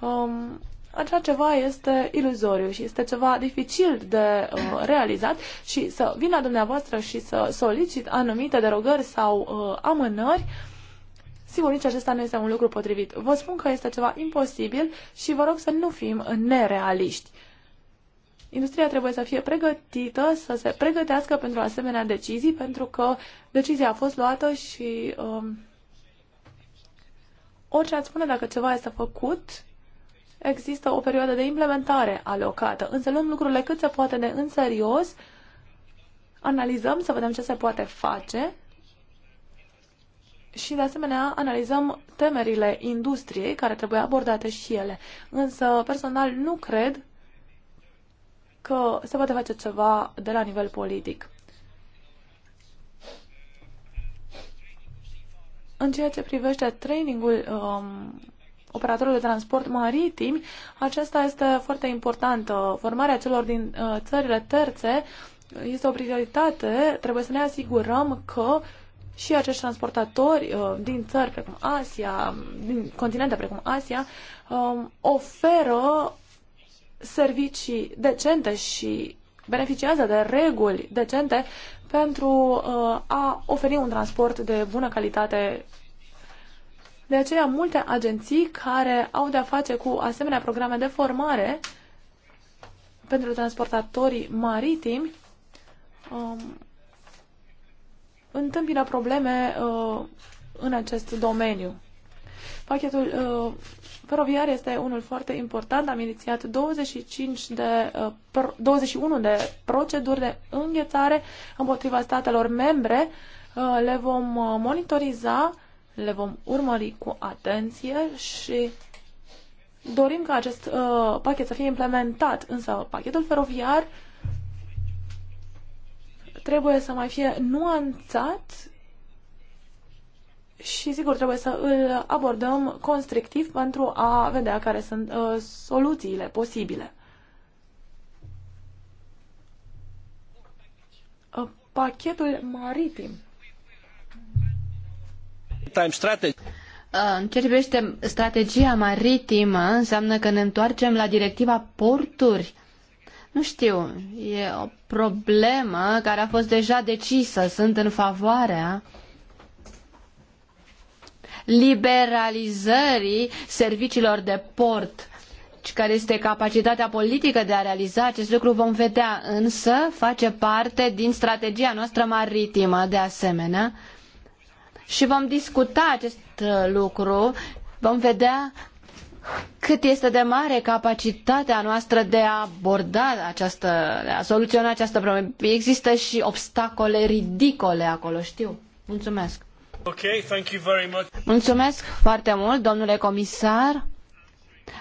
um, așa ceva este iluzoriu și este ceva dificil de uh, realizat și să vin la dumneavoastră și să solicit anumite derogări sau uh, amânări, sigur nici acesta nu este un lucru potrivit. Vă spun că este ceva imposibil și vă rog să nu fim nerealiști. Uh, Industria trebuie să fie pregătită, să se pregătească pentru asemenea decizii, pentru că decizia a fost luată și um, orice ați spune dacă ceva este făcut, există o perioadă de implementare alocată. Însă luăm lucrurile cât se poate de în serios, analizăm să vedem ce se poate face și, de asemenea, analizăm temerile industriei care trebuie abordate și ele. Însă, personal, nu cred că se poate face ceva de la nivel politic. În ceea ce privește trainingul um, operatorului de transport maritim, acesta este foarte important. Formarea celor din uh, țările terțe este o prioritate. Trebuie să ne asigurăm că și acești transportatori uh, din țări precum Asia, din continente precum Asia, um, oferă servicii decente și beneficiază de reguli decente pentru uh, a oferi un transport de bună calitate. De aceea, multe agenții care au de-a face cu asemenea programe de formare pentru transportatorii maritimi um, întâmpină probleme uh, în acest domeniu. Pachetul uh, feroviar este unul foarte important. Am inițiat 25 de, 21 uh, de proceduri de înghețare împotriva statelor membre. Uh, le vom uh, monitoriza, le vom urmări cu atenție și dorim ca acest uh, pachet să fie implementat, însă pachetul feroviar trebuie să mai fie nuanțat și sigur trebuie să îl abordăm constrictiv pentru a vedea care sunt uh, soluțiile posibile. Uh, pachetul maritim. Time strategy. Uh, în ce privește strategia maritimă, înseamnă că ne întoarcem la directiva porturi. Nu știu, e o problemă care a fost deja decisă. Sunt în favoarea liberalizării serviciilor de port care este capacitatea politică de a realiza acest lucru, vom vedea, însă face parte din strategia noastră maritimă, de asemenea, și vom discuta acest uh, lucru, vom vedea cât este de mare capacitatea noastră de a aborda această, de a soluționa această problemă. Există și obstacole ridicole acolo, știu. Mulțumesc. Mulțumesc foarte mult, domnule comisar.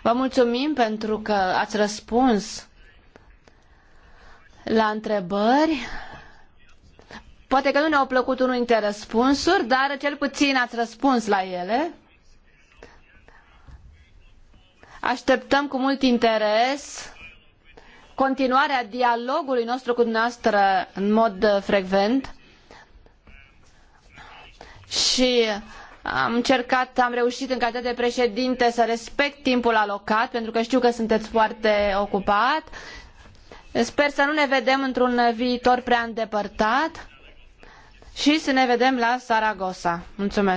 Vă mulțumim pentru că ați răspuns la întrebări. Poate că nu ne-au plăcut unul dintre răspunsuri, dar cel puțin ați răspuns la ele. Așteptăm cu mult interes continuarea dialogului nostru cu dumneavoastră în mod frecvent și am încercat, am reușit în calitate de președinte să respect timpul alocat, pentru că știu că sunteți foarte ocupat. Sper să nu ne vedem într-un viitor prea îndepărtat și să ne vedem la Saragossa. Mulțumesc!